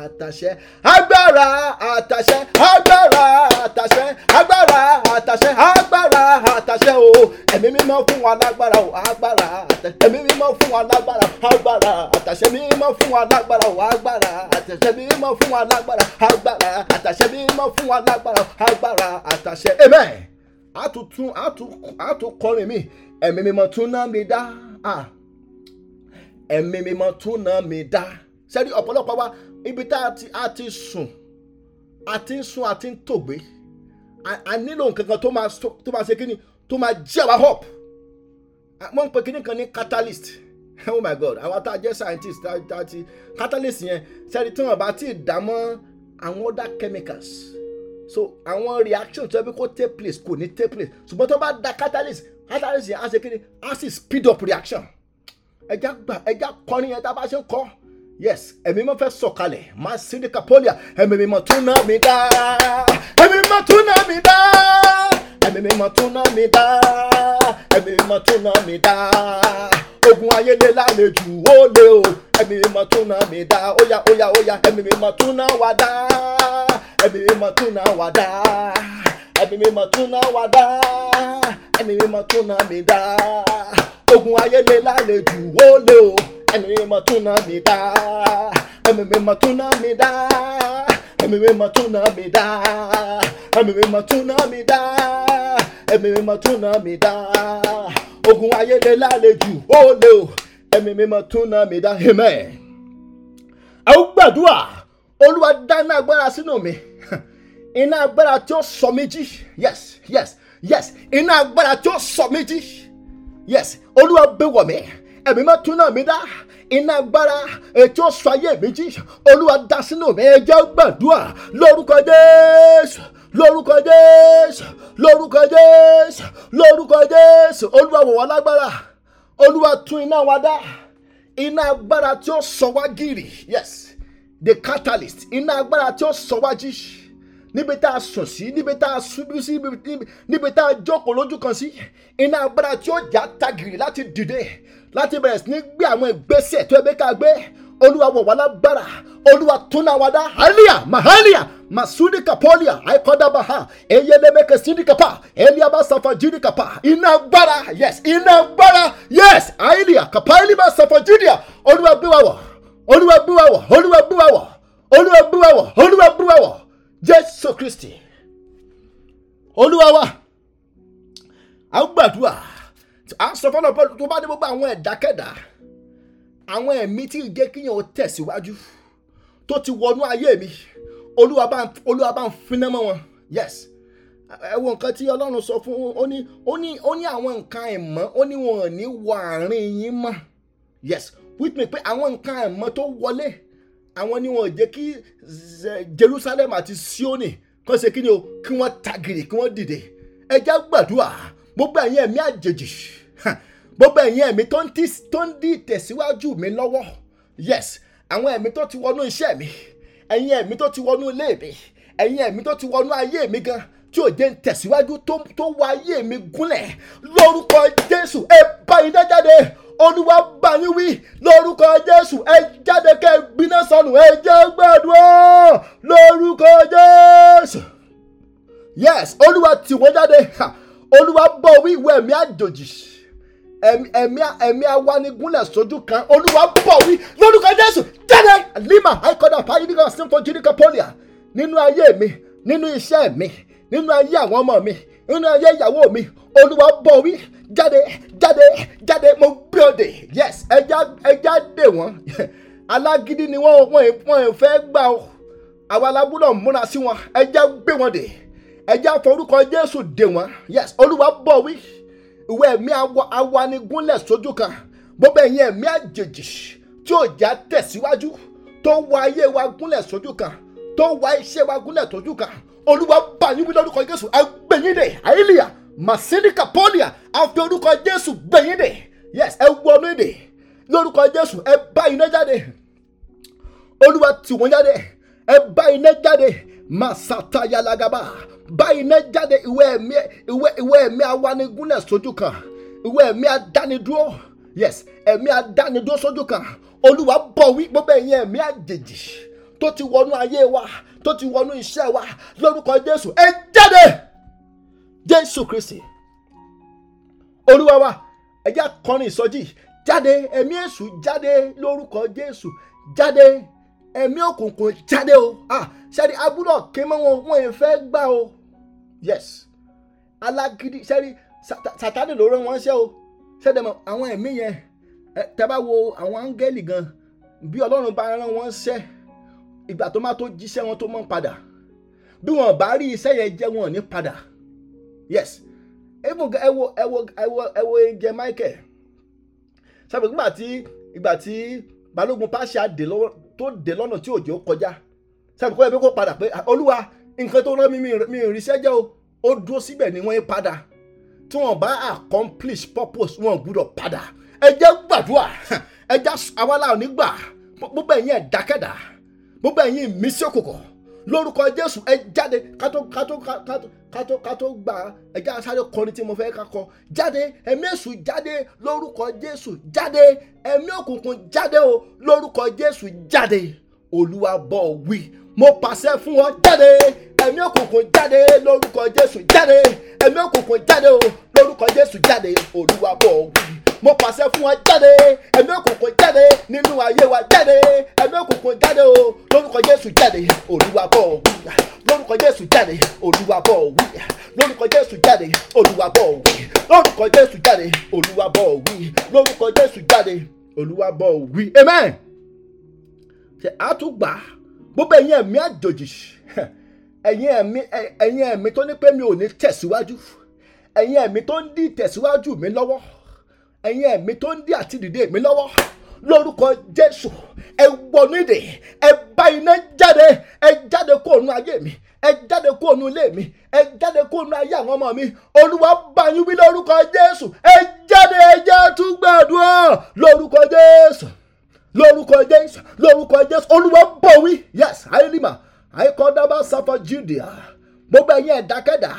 àtàṣẹ agbára àtàṣẹ agbára àtàṣẹ agbára àtàṣẹ agbára àtàṣẹ o ẹ̀mí mímọ́ fún wa lágbára o agbára àtàṣẹ ẹ̀mí mímọ́ fún wa lágbára agbára àtàṣẹ mímọ́ fún wa lágbára o agbára àtàṣẹ mímọ́ fún wa lágbára agbára àtàṣẹ mímọ́ fún wa lágbára agbára àtàṣẹ amen àtúntún àtúkọrin mi ẹ̀mí mímọ́ tún náà mi dá ah ẹ̀mí mímọ́ tún náà mi dá sẹ́rí ọ̀pọ̀lọpọ̀ wa ibi tá a ti sùn a ti ń sùn a ti ń tògbé a nílò nǹkan tó máa ṣe kíni tó máa jẹ́ wa hope wọ́n ń pe kíní kan ní catalyst oh my god àwa tá a jẹ́ scientist tá a ti catalyst yẹn sẹ́rí tí wọ́n bá ti dá mọ́ àwọn other chemicals so àwọn reaction tó yẹ kó take place kò ní take place ṣùgbọ́n tó bá da catalyst catalyst yẹn á ṣe kíni á sì speed up reaction ẹja gbà ẹja kọrin yẹn tá a bá ṣe ń kọ yes ẹ̀mí mímọ́ fẹ́ sọ̀kalẹ̀ máa síndika polia ẹ̀mí mímọ́ tún náà mi dá ẹ̀mí mímọ́ tún náà mi dá ẹ̀mí mímọ́ tún ná mi dá ẹ̀mí mímọ́ tún ná mi dá ogun ayédè lálejò ó lé o ẹ̀mí mímọ́ tún ná mi dá óyá óyá óyá ẹ̀mí mímọ́ tún ná wa dá ẹ̀mí mímọ́ tún ná wa dá ẹ̀mí mímọ́ tún ná wa dá ẹ̀mí mímọ́ tún ná mi dá ogun ayédè lálejò ó lé o ẹ̀mí mímọ́ tún ná mi dá ẹ̀mí mímọ́ tún ná mi dá emewe matuna mi da emewe matuna mi da emewe matuna mi da ogun ayede leju ó lè o emewe matuna mi da amen. àwọn gbàdúrà olúwa dáná agbára sínú mi iná agbára tí ó sọ mí yes yes yes iná agbára tí ó sọ mí yes olúwa bẹ̀ wọ̀ mí ẹ̀mí má tún náà mi dá iná agbára ètò ọ̀sọ̀ ayé mi jí olúwa dá sínú mi ẹ jẹ́ gbàdúrà lórúkọ jésù lórúkọ jésù lórúkọ jésù lórúkọ jésù olúwa wọ̀ wá lágbára olúwa tún iná wa dá iná agbára tí ó sọ wá gírì yes the catalyst iná agbára tí ó sọ wá jí níbi tá a sùn sí níbi tá a ṣubú sí níbi tá a jókòó lójú kan sí iná agbára tí ó jà tagìrì láti dìde láti bẹ̀rẹ̀ sí ní gbé àwọn ìgbésẹ̀ tó ẹgbẹ́ ká gbé olúwa wọ̀ wá lágbára olúwa túnáwádá hàlíà màhálíà masudika polia aikọdabaha eyedemeke sidikapa eliaba safa jidikapa iná gbára yes iná gbára yes ailia kapa eliba safa jidia olúwa gbé wa wọ̀ olúwa gbé wa wọ̀ olúwa gbé wa wọ̀ olúwa gbé wa wọ̀ olúwa gbé wa wọ̀ jésù kristi olúwa wa a gbàdúrà à ń sọ fọlọ pẹ̀lú tó bá dé gbogbo àwọn ẹ̀dákẹ́dá àwọn ẹ̀mí tí ì jẹ́ kíyàn tẹ̀síwájú tó ti wọnú ayé mi olúwa bá ń finá mọ́ wọn yes ẹ wo nǹkan tí ọlọ́run sọ fún ó ní ó ní ó ní àwọn nǹkan ẹ̀mọ́ ó ní wọn ò ní wọ àárín yín mọ́ yes with me pé àwọn nǹkan ẹ̀mọ́ tó wọlé àwọn ni wọn ò jẹ́ kí Jerusalem àti Sioni kàn ṣe kí ni o kí wọ́n tagìrì kí wọ́n dìde ẹ jẹ́ gbàdúrà gbogbo ẹ̀yin ẹ̀mí àjèjì gbogbo ẹ̀yin ẹ̀mí tó ń tí tó ń dí ìtẹ̀síwájú mi lọ́wọ́ yes àwọn ẹ̀mí tó ti wọnú iṣẹ́ mi ẹ̀yin ẹ̀mí tó ti wọnú ilé mi ẹ̀yin ẹ̀mí tó ti wọnú ayé mi gan tí ò jẹ́ ń tẹ̀síwájú tó wá ayé mi gúnlẹ̀ lórúkọ Jésù ẹ bá iná jáde olúwa bá yín wí lórúkọ Jésù ẹ jáde kẹ gbiná sọnù ẹ jẹ́ gbàdúrà lórúkọ Jésù yes olúwa tì wọ́n jáde olúwa bọ̀ wí ìwé ẹ̀mí àjòjì ẹ̀mí ẹ̀mí awanigunlẹ̀ sójú kan olúwa bọ̀ wí lórúkọ jésù jáde lima àìkọ́dà fàyídìgàn sínfọ jíríkà pọ́lìà nínú ayé mi nínú iṣẹ́ mi nínú ayé àwọn ọmọ mi nínú ayé ìyàwó mi olúwa bọ̀ wí jáde jáde jáde mo gbé òde yes ẹja ẹja dè wọ́n alágídí ni wọ́n wọ́n fẹ́ gbà ó àwa alábúlọ̀ múra sí wọn ẹja gbé wọn dè ẹja forúkọ jésù dè wọ́n yes olúwa bọ̀ wí ìwé ẹ̀mí awanigunlẹ̀ sójú kan gbogbo ẹ̀yin ẹ̀mí àjèjì tí ò já tẹ̀síwájú tó ń wa ayé wa gúnlẹ̀ sójú kan tó ń wa iṣẹ́ wa gúnlẹ̀ sójú kan olúwa bá yín wí lórúkọ jésù agbẹ̀yìndè àìlíà màsílíkà pọ́lìà àfi orúkọ jésù gbẹ̀yìndè yes ẹ wọnú ìdè lórúkọ jésù ẹ bá iná jáde olúwa tì wọ́n jáde ẹ bá iná jáde màsátayalagaba bá iná jáde ìwé ẹ̀mí ìwé ìwé ẹ̀mí awanigunlẹ̀ sójú kan ìwé ẹ̀mí adánidúró yes ẹ̀mí adánidúró sójú kan olúwa bọ̀ wí gbogbo ẹ̀yin ẹ̀mí àjèjì tó ti wọnú ayé wa tó ti wọnú iṣẹ́ wa lórúkọ jésù ẹ jáde jésù kristi olúwa wa ẹ jẹ́ akọrin ìsọjí jáde ẹ̀mí èṣù jáde lórúkọ jésù jáde ẹ̀mí òkùnkùn jáde o ah ṣẹ́ni agbúdọ̀ ké mọ́ wọn wọn ì fẹ́ gbà o yes alágídí ṣẹ́ni sátánì ló rán wọn ṣẹ́ o ṣẹ́ni àwọn ẹ̀mí yẹn tẹ́ bá wo àwọn áńgẹ́lì gan bí ọlọ́run bá rán wọn ṣẹ́ ìgbà tó má tó jíṣẹ́ wọn tó mọ́ padà bí wọn bá rí iṣẹ́ yẹn jẹ́ wọn ní padà yes even ẹ wo ẹ wo ẹ wo ẹ wo jẹ Michael ṣàbẹ̀gbà tí ìgbà tí balógun pàṣẹ àdè lọ́wọ́ tó dè lọ́nà tí òjò kọjá sẹ́nukọ́ ẹ̀mí kó padà pé ah, olúwa nǹkan tó rán mi mi ò ríṣẹ́ jẹ́ o ó dúró síbẹ̀ ni wọ́n padà tí wọ́n bá accomplish purpose wọn gbúdọ̀ padà ẹ jẹ́ gbàdúrà ẹ jẹ́ awálà onígbà gbogbo ẹ̀yin ẹ̀dákẹ́dà gbogbo ẹ̀yin mísíọ̀kùkọ̀ lórúkọ jésù ẹ jáde kátó kátó kátó kátó kátó gbà ẹ jáde sáré kọrin tí mo fẹ́ kakọ jáde ẹ̀mí èṣù jáde lórúkọ jésù jáde ẹ̀mí òkùnkùn jáde o lórúkọ jésù jáde olúwa bọ̀ wí mo pàṣẹ fún ọ jáde ẹ̀mí òkùnkùn jáde lórúkọ jésù jáde ẹ̀mí òkùnkùn jáde o lórúkọ jésù jáde olúwa bọ̀ wí mo pàṣẹ fún ọ jáde ẹ̀mí òkùnkùn jáde nínú ayé wa jáde ẹ̀mí òkùnkùn jáde o lórúkọ jésù jáde olúwa bọ̀ wí lórúkọ jésù jáde olúwa bọ̀ wí lórúkọ jésù jáde olúwa bọ̀ wí lórúkọ jésù jáde olúwa bọ̀ wí lórúkọ jésù jáde olúwa bọ̀ wí amen ṣe àtúgbà gbogbo ẹ̀yin ẹ̀mí àjòjì ẹ̀yin ẹ̀mí ẹ̀yin ẹ̀mí tó ní pé mi ò ní tẹ̀síwájú ẹ̀yin ẹ̀mí tó ń dí ìtẹ̀síwájú mi lọ́wọ́ ẹ̀yin ẹ̀mí tó ń dí àtìdìde mi lọ́wọ́ lórúkọ jésù ẹ wọnú ìdè ẹ bá iná jáde ẹ jáde kó ònú ayé mi ẹ jáde kó ònú ilé mi ẹ jáde kó ònú ayé àwọn ọmọ mi olúwa bá wí lórúkọ jésù ẹ jáde ẹ jẹ́ tún lórúkọ jésù lórúkọ jésù lórúkọ jésù olúwa bọ̀ wí yes ayélujá àìkọ́dábà sáfà judea gbogbo ẹ̀yin ẹ̀dákẹ́dá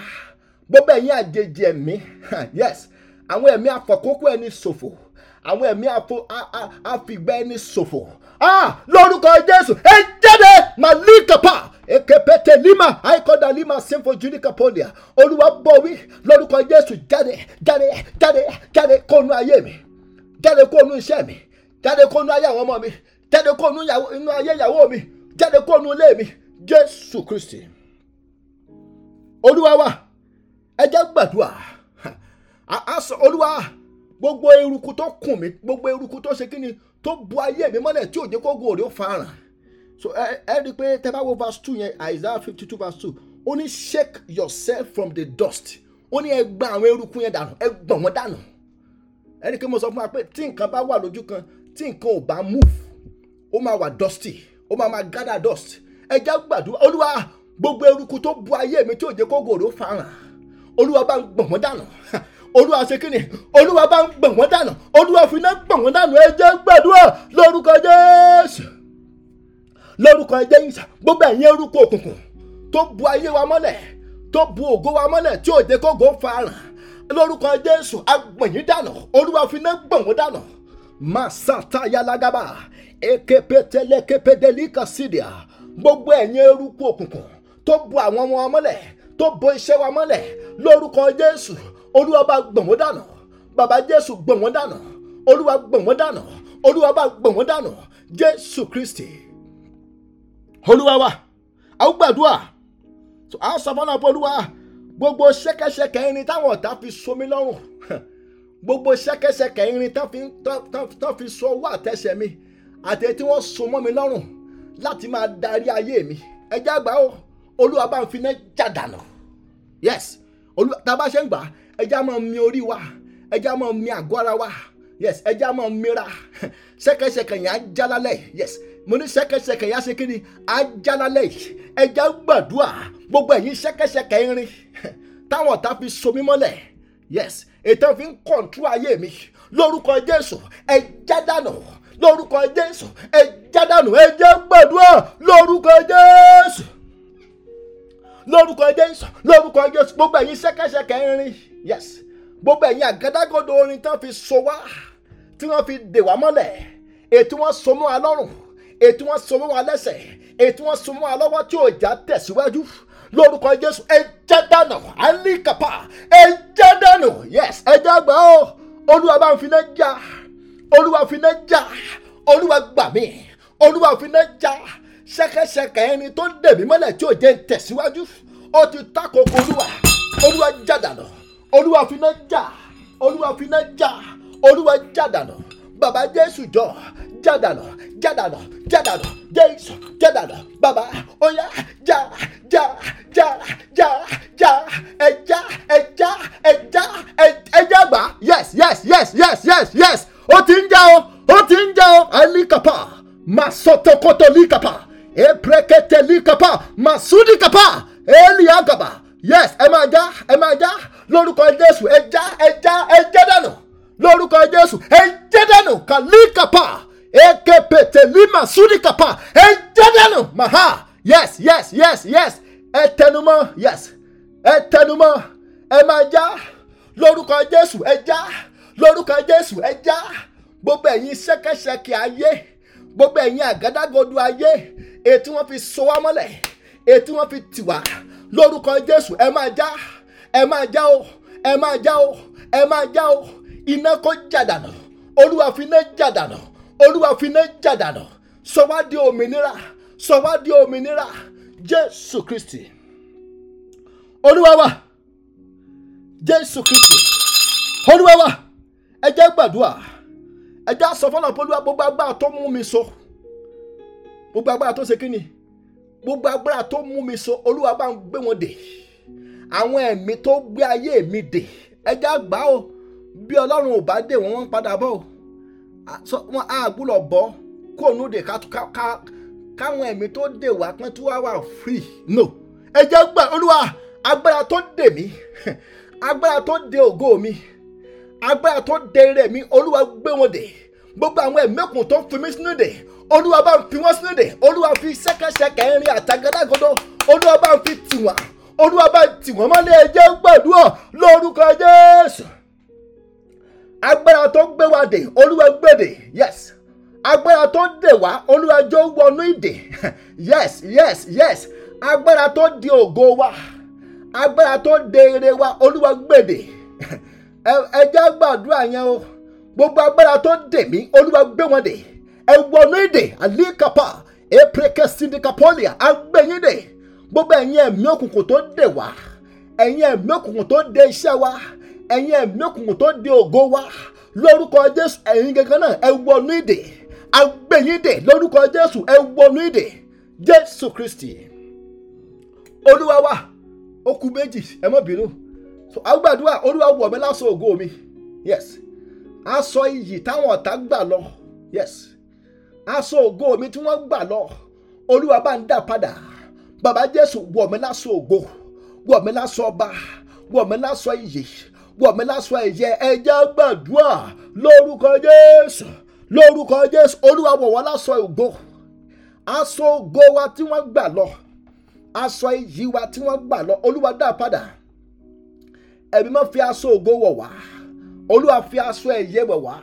gbogbo ẹ̀yin àjèjì ẹ̀mí yes àwọn ẹ̀mí afọ̀kókó ẹni ṣòfò àwọn ẹ̀mí àfìgbà ẹni ṣòfò ah lórúkọ jésù ẹ jáde màlíkàpá ekepete lima aikoda lima sinfo judika polia olúwa bọ̀ wí lórúkọ jésù jáde jáde jáde jáde kónú ayé mi jáde konu iṣẹ́ mi jáde kó nu ayé àwọn ọmọ mi jáde kó nu ayé ìyàwó mi jáde kó nu ilé mi jésù kristi olúwa wa ẹ jẹ́ gbàdúrà olúwa gbogbo eruku tó kùn mí gbogbo eruku tó ṣe kíni tó bu ayé mi mọ́lẹ̀ tí òjò kógo òde ó farahàn so ẹ ẹ rí i pé tẹ́ bá wo verse two yẹn isaiah fifty two verse two ó ní shake yourself from the dust ó ní ẹ gbọ̀n àwọn eruku yẹn dànù ẹ gbọ̀n wọn dànù ẹni kí mo sọ fún wa pé tí nǹkan bá wà lójú kan tí nǹkan ò bá move ó máa wà dusty ó máa máa gather dust ẹ jẹ́ gbàdúrà olúwa gbogbo eruku tó bu ayé mi tí ò jẹ́ kó gòrò farahàn olúwa bá ń gbọ̀n wọ́n dànù olúwa ṣe kí ni olúwa bá ń gbọ̀n wọ́n dànù olúwa fi iná gbọ̀n wọ́n dànù ẹ jẹ́ gbàdúrà lórúkọ jésù lórúkọ jésù gbogbo ẹ̀yin eruku òkùnkùn tó bu ayé wa mọ́lẹ̀ tó bu ògo wa mọ́lẹ̀ tí ò jẹ́ kó gòrò farahàn lórúkọ jésù agbọ̀nyín dànù olúwa fi iná gbọ̀n wọ́n dànù masata yalagaba ekepetelekepedeli kasidia gbogbo ẹ̀yin eruku òkùnkùn tó bu àwọn ọmọ wa mọ́lẹ̀ tó bo iṣẹ́ wa mọ́lẹ̀ lórúkọ jésù olúwa bá gbọ̀n wọ́n dànù bàbá jésù gbọ̀n wọ́n dànù olúwa gbọ̀n wọ́n dànù olúwa bá gbọ̀n wọ́n dànù jésù kristi olúwa wa àwọn gbàdúrà àwọn sọ fọlọ́pọ̀ olúwa gbogbo ṣẹkẹṣẹkẹ ẹni táwọn ọ̀tá fi somi lọ́rùn gbogbo ṣẹ́kẹ́ṣẹkẹ̀ irin tán fi so ọwọ́ àtẹsẹ̀ mi àti tí wọ́n so mọ́ mi lọ́rùn láti máa darí ayé mi ẹjẹ́ àgbà ó olúwa bá ń finá jàdánù yes olúwa tá a bá ṣe ń gbà ẹjẹ́ a mi orí wa ẹjẹ́ a mi àgọ́ ara wa yes ẹjẹ́ a máa mira ṣẹ́kẹ́ṣẹkẹ̀ yẹn á jálálẹ̀ yes mo ní ṣẹ́kẹ́ṣẹkẹ̀ yẹn á ṣe kí ni á jálálẹ̀ ẹjẹ́ á gbàdúrà gbogbo ẹ̀yin ṣẹ́kẹ́ṣẹkẹ̀ irin táwọn ọ̀tá fi so mí mọ́lẹ̀ yes ètò fi ń kọ̀ǹtú ayé mi lórúkọ jésù ẹ jádànù lórúkọ jésù ẹ jádànù ẹ jẹ́ gbàdúrà lórúkọ jésù lórúkọ jésù lórúkọ jésù gbogbo ẹ̀yin ṣẹ́kẹ́ṣẹkẹ̀ irin yes gbogbo ẹ̀yin àgádágodo orin tán fi so wá tí wọ́n fi dè wá mọ́lẹ̀ ètò wọn so mọ́ wa lọ́rùn ètò wọn so mọ́ wa lẹ́sẹ̀ ètò wọn so mọ́ wa lọ́wọ́ tí ò tẹ̀síwájú lórúkọ jésù ẹ jẹ́ dànù alikapa ẹ dànù yes ẹ jẹ́ àgbà ó olúwa bá ń finá já olúwa finá já olúwa gbà mí olúwa finá já ṣẹ̀kẹ̀ṣẹ̀kẹ̀ ẹni tó dè mí mọ́lẹ̀ tí ò jẹ́ ń tẹ̀síwájú ó ti takoko olúwa olúwa já dànù olúwa finá já olúwa finá já olúwa já dànù bàbá jésù jọ já dànù já dànù já dànù jésù jẹ́dàdà Baba, Oya, ja, ja, ja, ja, ja, ẹja ẹja ẹja ẹja gbà yes yes yes yes yes yes ó ti ń já o ó ti ń já o àìlíkàpá máa sọ tọkọtọ líkàpá èprekete líkàpá máa sún yes ẹ máa já ẹ máa já lórúkọ jésù ẹja ẹja ẹja dànù lórúkọ jésù ẹjẹ dànù kàlíkàpá ekepete lima sudikapa ẹ maha yes yes yes yes ẹ yes ẹ tẹnumọ́ ẹ máa já lórúkọ jésù ẹ já lórúkọ jésù ẹ já gbogbo ẹ̀yin ṣẹ́kẹ́ṣẹkẹ̀ ayé gbogbo ẹ̀yin àgádágodo ayé ètí wọ́n fi so wá mọ́lẹ̀ ètí wọ́n fi tì wá lórúkọ jésù ẹ máa já ẹ máa já o ẹ máa já o ẹ máa já o iná kó jàdànù olúwa fi iná jàdànù olúwa fi iná jà di òmìnira sọ wá di òmìnira jésù kristi olúwa wa jésù kristi olúwa wa ẹ jẹ́ gbàdúrà ẹ jẹ́ sọ fọlọ polúwa gbogbo agbára tó mú mi so gbogbo agbára tó ṣe kíni gbogbo agbára tó mú mi so olúwa bá ń gbé wọn dè àwọn ẹ̀mí tó gbé ayé mi dè ẹ jẹ́ àgbà o bí ọlọ́run ò bá dè wọ́n padà bọ̀ o wọn á gbúdọ̀ bọ́ kó nu de káwọn ẹ̀mí tó dè wá pẹ́ tí wọ́n wà free no ẹ jẹ́ gbà olúwa agbára tó dè mí agbára tó dè ògo mi agbára tó dè rẹ̀ mi olúwa gbé wọn dè gbogbo àwọn ẹ̀mẹ́kùn tó ń fi mí sínú dè olúwa bá ń fi wọ́n sínú dè olúwa fi ṣẹ́kẹ́ṣẹkẹ̀ rin àtàgádágodo olúwa bá ń fi tì wọ́n olúwa bá ń tì wọ́n mọ́lẹ̀ ẹ jẹ́ gbàdúrà lórúkọ jésù agbára tó gbé wa dè olúwa gbèdè yes agbára tó dè wá olúwa jọ wọnú ìdè yes yes yes agbára tó di ògo wa agbára tó de ire wa olúwa gbèdè ẹ jẹ́ gbàdúrà yẹn o gbogbo agbára tó dè mí olúwa gbé wọn dè ẹ wọnú ìdè àlíkàpá èprèkè síndikàpọ́lìà agbẹ̀yìn dè gbogbo ẹ̀yin ẹ̀mí òkùnkùn tó dè wá ẹ̀yin ẹ̀mí òkùnkùn tó dè iṣẹ́ wa ẹ̀yin ẹ̀mí òkùnkùn tó di ògo wa lórúkọ jésù ẹ̀yin gangan náà ẹ wọnú ìdè agbẹ̀yìndè lórúkọ jésù ẹ wọnú ìdè jésù kristi olúwa wa ó kù méjì ẹ má bínú so àgbàdua olúwa wọ̀ mí láṣọ ògo mi yes aṣọ iyì táwọn ọ̀tá gbà lọ yes aṣọ ògo mi tí wọ́n gbà lọ olúwa bá ń dà padà bàbá jésù wọ̀ mí láṣọ ògo wọ̀ mí láṣọ ọba wọ̀ mí láṣọ iyì wọ̀mílásọ ẹ̀yẹ ẹ̀jẹ̀ gbàdúrà lórúkọ jésù lórúkọ jésù olúwa wọ̀wọ́ lásọ ògo aṣọ ògo wa tí wọ́n gbà lọ aṣọ iyì wa tí wọ́n gbà lọ olúwa dá padà ẹ̀mí máa fi aṣọ ògo wọ̀ wá olúwa fi aṣọ ẹ̀yẹ wọ̀ wá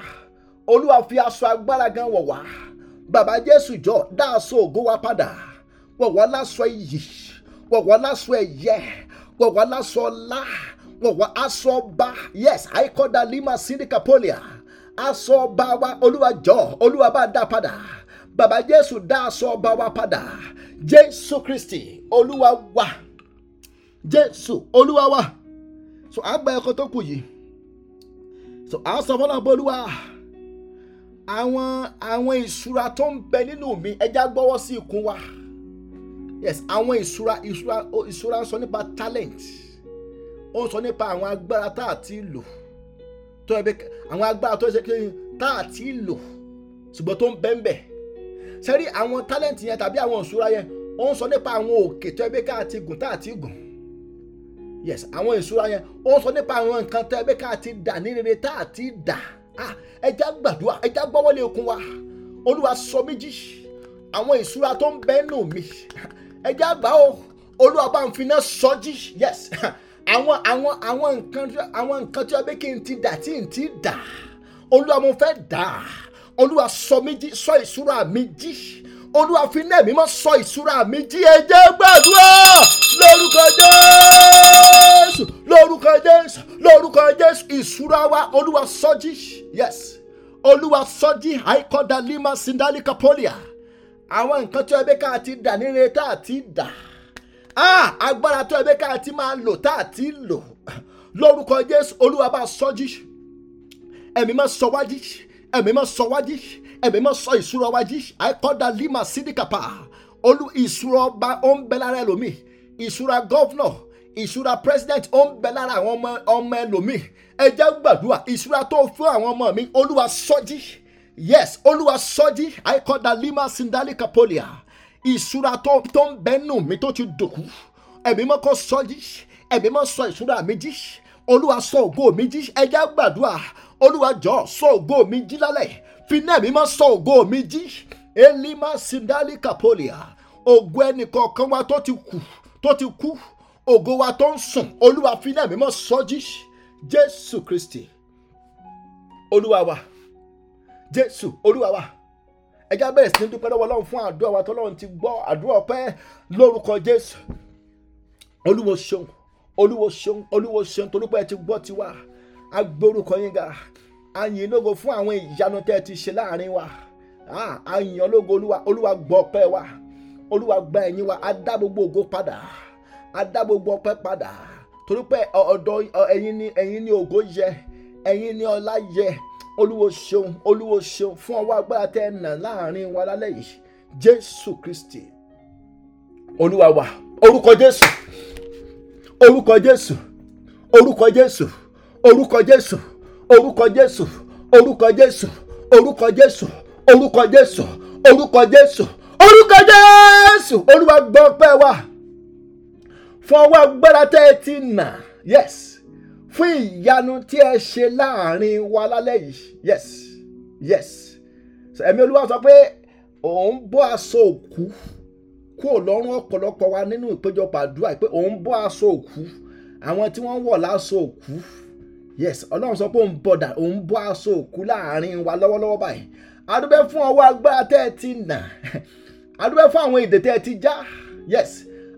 olúwa fi aṣọ agbára gan wọ̀ wá bàbá jésù jọ dá aṣọ ògo wa padà wọ̀ wá lásọ iyì wọ̀ wá lásọ ẹ̀yẹ wọ̀ wá lásọ ọlá. wọn wá aṣọ ọba yes àìkọ́dà lima síndíkà pọ́lìà aṣọ ọba wa olúwa jọ olúwa bá dá padà bàbá jésù dá aṣọ wa padà jésù kristi olúwa wa jésù olúwa wa so àgbà ẹ̀kọ́ tó kù yìí so àṣọ fọlọ́bọlúwa àwọn àwọn ìṣúra tó ń bẹ nínú mi ẹja gbọ́wọ́ sí ikùn wa yes àwọn ìṣúra ìṣúra ìṣúra ń sọ nípa talent ó ń sọ nípa àwọn agbára tá à ti lò tó ẹbí àwọn agbára tó ṣe pé tá à ti lò ṣùgbọ́n tó ń bẹ́ńbẹ́ sẹ́rí àwọn tálẹ́ǹtì yẹn tàbí àwọn ìṣúra yẹn ó ń sọ nípa àwọn òkè tó ẹbí ká ti gùn tá à ti gùn yes àwọn ìṣúra yẹn ó ń sọ nípa àwọn nǹkan tó ẹbí ká ti dà ní rere tá à ti dà ẹja gbàdúrà ẹja gbọ́wọ́lé okun wa olúwa sọ méjì àwọn ìṣúra tó ń bẹ́ẹ̀ nù mí ẹja gbà ó olúwa bá ń finá sọjí yes àwọn àwọn àwọn nǹkan àwọn nǹkan tí wọ́n bẹ́ kí n ti dà tí n ti dà olúwa mo fẹ́ dà olúwa sọ mí jí sọ ìṣúra mi jí olúwa fi náà mímọ́ sọ ìṣúra mi jí ẹ jẹ́ gbàdúrà lórúkọ jésù lórúkọ jésù lórúkọ jésù ìṣúra wa olúwa sọ jí yes olúwa sọ jí àìkọ́dà lima sindalika polia àwọn nǹkan tí wọ́n bẹ́ ká ti dà nílé tá a ti dà ah agbára tó ẹgbẹ́ ká ti máa lò tá a ti lò lórúkọ jésù olúwa bá sọjí ẹ̀mí máa sọ wájí ẹ̀mí máa sọ wájí ẹ̀mí máa sọ ìṣúra wájí àìkọ́dà lima sídìkàpà olú ìṣúra ọba ó ń bẹ lára ẹlòmíì ìṣúra gọ́vnọ̀ ìṣúra president ó ń bẹ lára àwọn ọmọ ọmọ ẹlòmíì ẹ jẹ́ gbàdúrà ìṣúra tó fún àwọn ọmọ mi olúwa sọjí yes olúwa sọjí àìkọ́dà lima sídìkàpọ̀lìà ìṣúra tó ń bẹ́nu mi tó ti dòkú ẹ̀mí mọ́ kó sọ jí ẹ̀mí mọ́ sọ ìṣúra mi jí olúwa sọ ògo mi jí ẹjẹ́ gbàdúrà olúwa jọ sọ ògo mi jí lálẹ́ finá ẹ̀mí mọ́ sọ ògo mi jí elima sindali kapolia ògo ẹnìkọ̀ọ̀kan wa tó ti kú tó ti kú ògo wa tó ń sùn olúwa finá ẹ̀mí mọ́ sọ jí jésù kristi olúwa wa jésù olúwa wa ẹjá bẹ̀rẹ̀ sí ní dúpẹ́ lọ́wọ́ ọlọ́run fún àdúrà wa tọ́lọ́run ti gbọ́ àdúrà ọpẹ́ lórúkọ jésù olúwo ṣeun olúwo ṣeun olúwo ṣeun torípẹ́ ti gbọ́ tiwa agbórúkọ yín ga àyìn lógo fún àwọn ìyanu tẹ́ ẹ ti ṣe láàrin wa àyìn lógo olúwa olúwa gbọ́ ọpẹ́ wa olúwa gba ẹ̀yìn wa adá gbogbo ògo padà adá gbogbo ọpẹ́ padà torípẹ́ ọ̀dọ̀ ẹ̀yin ni ẹ̀yin ni ògo yẹ ẹ̀yin ni ọlá yẹ olúwo ṣeun olúwo ṣeun fún ọwọ́ agbára tẹ́ ẹ nà láàrin wa lálẹ́ yìí jésù kristi olúwa wa orúkọ jésù orúkọ jésù orúkọ jésù orúkọ jésù orúkọ jésù orúkọ jésù orúkọ jésù orúkọ jésù orúkọ jésù orúkọ jésù olúwa gbọ́ pẹ́ wa fún ọwọ́ agbára tẹ́ ẹ ti nà yes fún ìyanu tí ẹ ṣe láàrin wa lálẹ́ yìí yes yes ẹ̀mí olúwa sọ pé òun bọ́ aṣọ òkú kúrò lọ́rùn ọ̀pọ̀lọpọ̀ wa nínú ìpéjọpọ̀ àdúrà pé òun bọ́ aṣọ òkú àwọn tí wọ́n wọ̀ láṣọ òkú yes ọlọ́run sọ pé òun bọ̀dà òun bọ́ aṣọ òkú láàrin wa lọ́wọ́lọ́wọ́ báyìí adúbẹ́ fún ọwọ́ agbára tẹ́ ẹ ti nà adúbẹ́ fún àwọn èdè tẹ́ ẹ ti já yes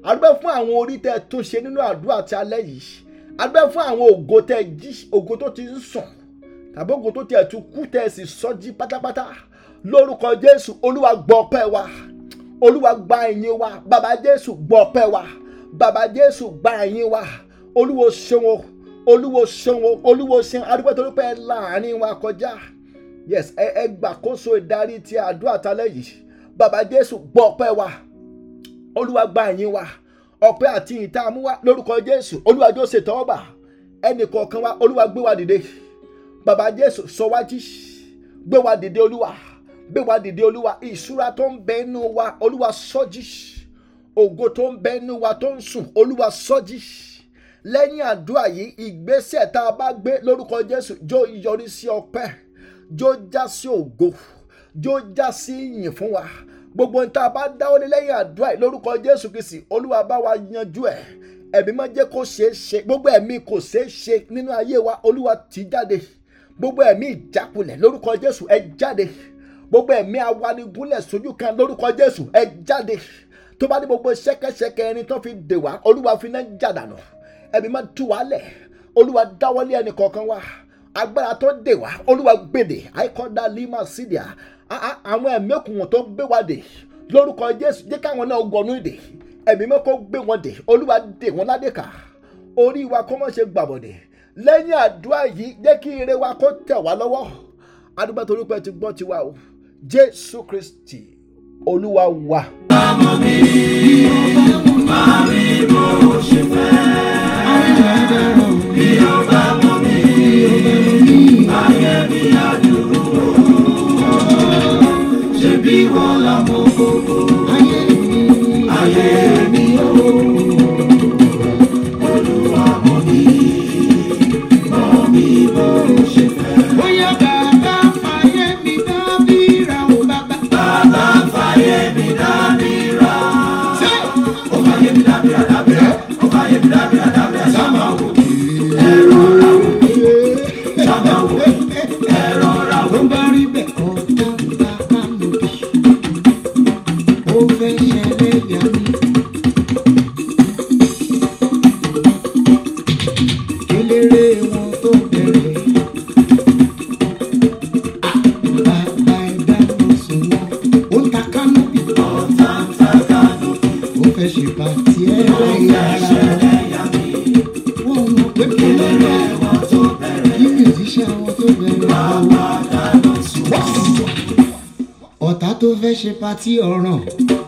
adúbẹ́ fún àwọn orí tẹ́ ẹ tún ṣe nínú àdúrà ti alẹ́ yìí adúpẹ́ fún àwọn ògo tẹ jí ògo tó ti ń sùn tàbí ògo tó ti ẹ̀tún kú tẹ̀ sí sọ́jí pátápátá lórúkọ jésù olúwa gbọ́ ọpẹ́ wa olúwa gba ẹ̀yìn wa bàbá jésù gbọ́ ọpẹ́ wa bàbá jésù gba ẹ̀yìn wa olúwo ṣeun o olúwo ṣeun o olúwo ṣeun adúpẹ́ torí pé ẹ láàrin wa kọjá yes ẹ ẹ gbàkóso ìdarí ti àdúrà talẹ́ yìí bàbá jésù gbọ́ ọpẹ́ wa olúwa gba ẹ̀yìn wa ọpẹ́ àti ìta amúwá lórúkọ jésù olúwa jọ ṣètọ́ ọba ẹnì kọ̀ọ̀kan wa olúwa gbé wa dìde bàbá jésù sọ wá jí gbé wa dìde olúwa gbé wa dìde olúwa ìṣúra tó ń bẹ inú wa olúwa sọ jí ògo tó ń bẹ inú wa tó ń sùn olúwa sọ jí lẹ́yìn àdúrà yìí ìgbésẹ̀ tá a bá gbé lórúkọ jésù jó yọrí sí ọpẹ́ jó já sí ògo jó já sí ìyìn fún wa gbogbo ní tá a bá dáwọ́ lé lẹ́yìn àdúrà yìí lórúkọ Jésù Kristi Olúwa bá wa yanjú ẹ̀ ẹ̀mí má jẹ́ kó ṣeé ṣe gbogbo ẹ̀mí kò ṣeé ṣe nínú ayé wa Olúwa tì jáde gbogbo ẹ̀mí ìjákulẹ̀ lórúkọ Jésù ẹ jáde gbogbo ẹ̀mí awanigunlẹ̀ sójú kan lórúkọ Jésù ẹ jáde tó bá ní gbogbo ṣẹ́kẹ́ṣẹkẹ̀ ẹni tó fi dè wá Olúwa fi náà jàdànù ẹ̀mí má tú wa lẹ̀ Olúwa dáwọ́lé ẹnì kọ̀ọ̀kan wa agbára tó dè wá Olúwa gbèdè àìkọ́dá lima sídìá àwọn ẹ̀mẹ́kùnwọ̀n tó gbé wa dè lórúkọ jésù jẹ́ káwọn náà gbọ́nú ìdè ẹ̀mí mẹ́kọ́ gbé wọn dè olúwa dè wọn ládèkà orí wa kó má ṣe gbàbọ̀dẹ̀ lẹ́yìn àdúrà yìí jẹ́ kí ire wa kó tẹ̀ wá lọ́wọ́ adúgbò torí pé ti gbọ́ tiwa o jésù kristi olúwa wa. ayé mi àdúrà. bọ́lá mọ́ ayé mi o. Olúwa mọ̀ mí mọ̀ mí bó ṣe fẹ́. Bóyá bàbá fàyè mi o bàbá. Bàbá fàyè mi dábì ra. się paci ono.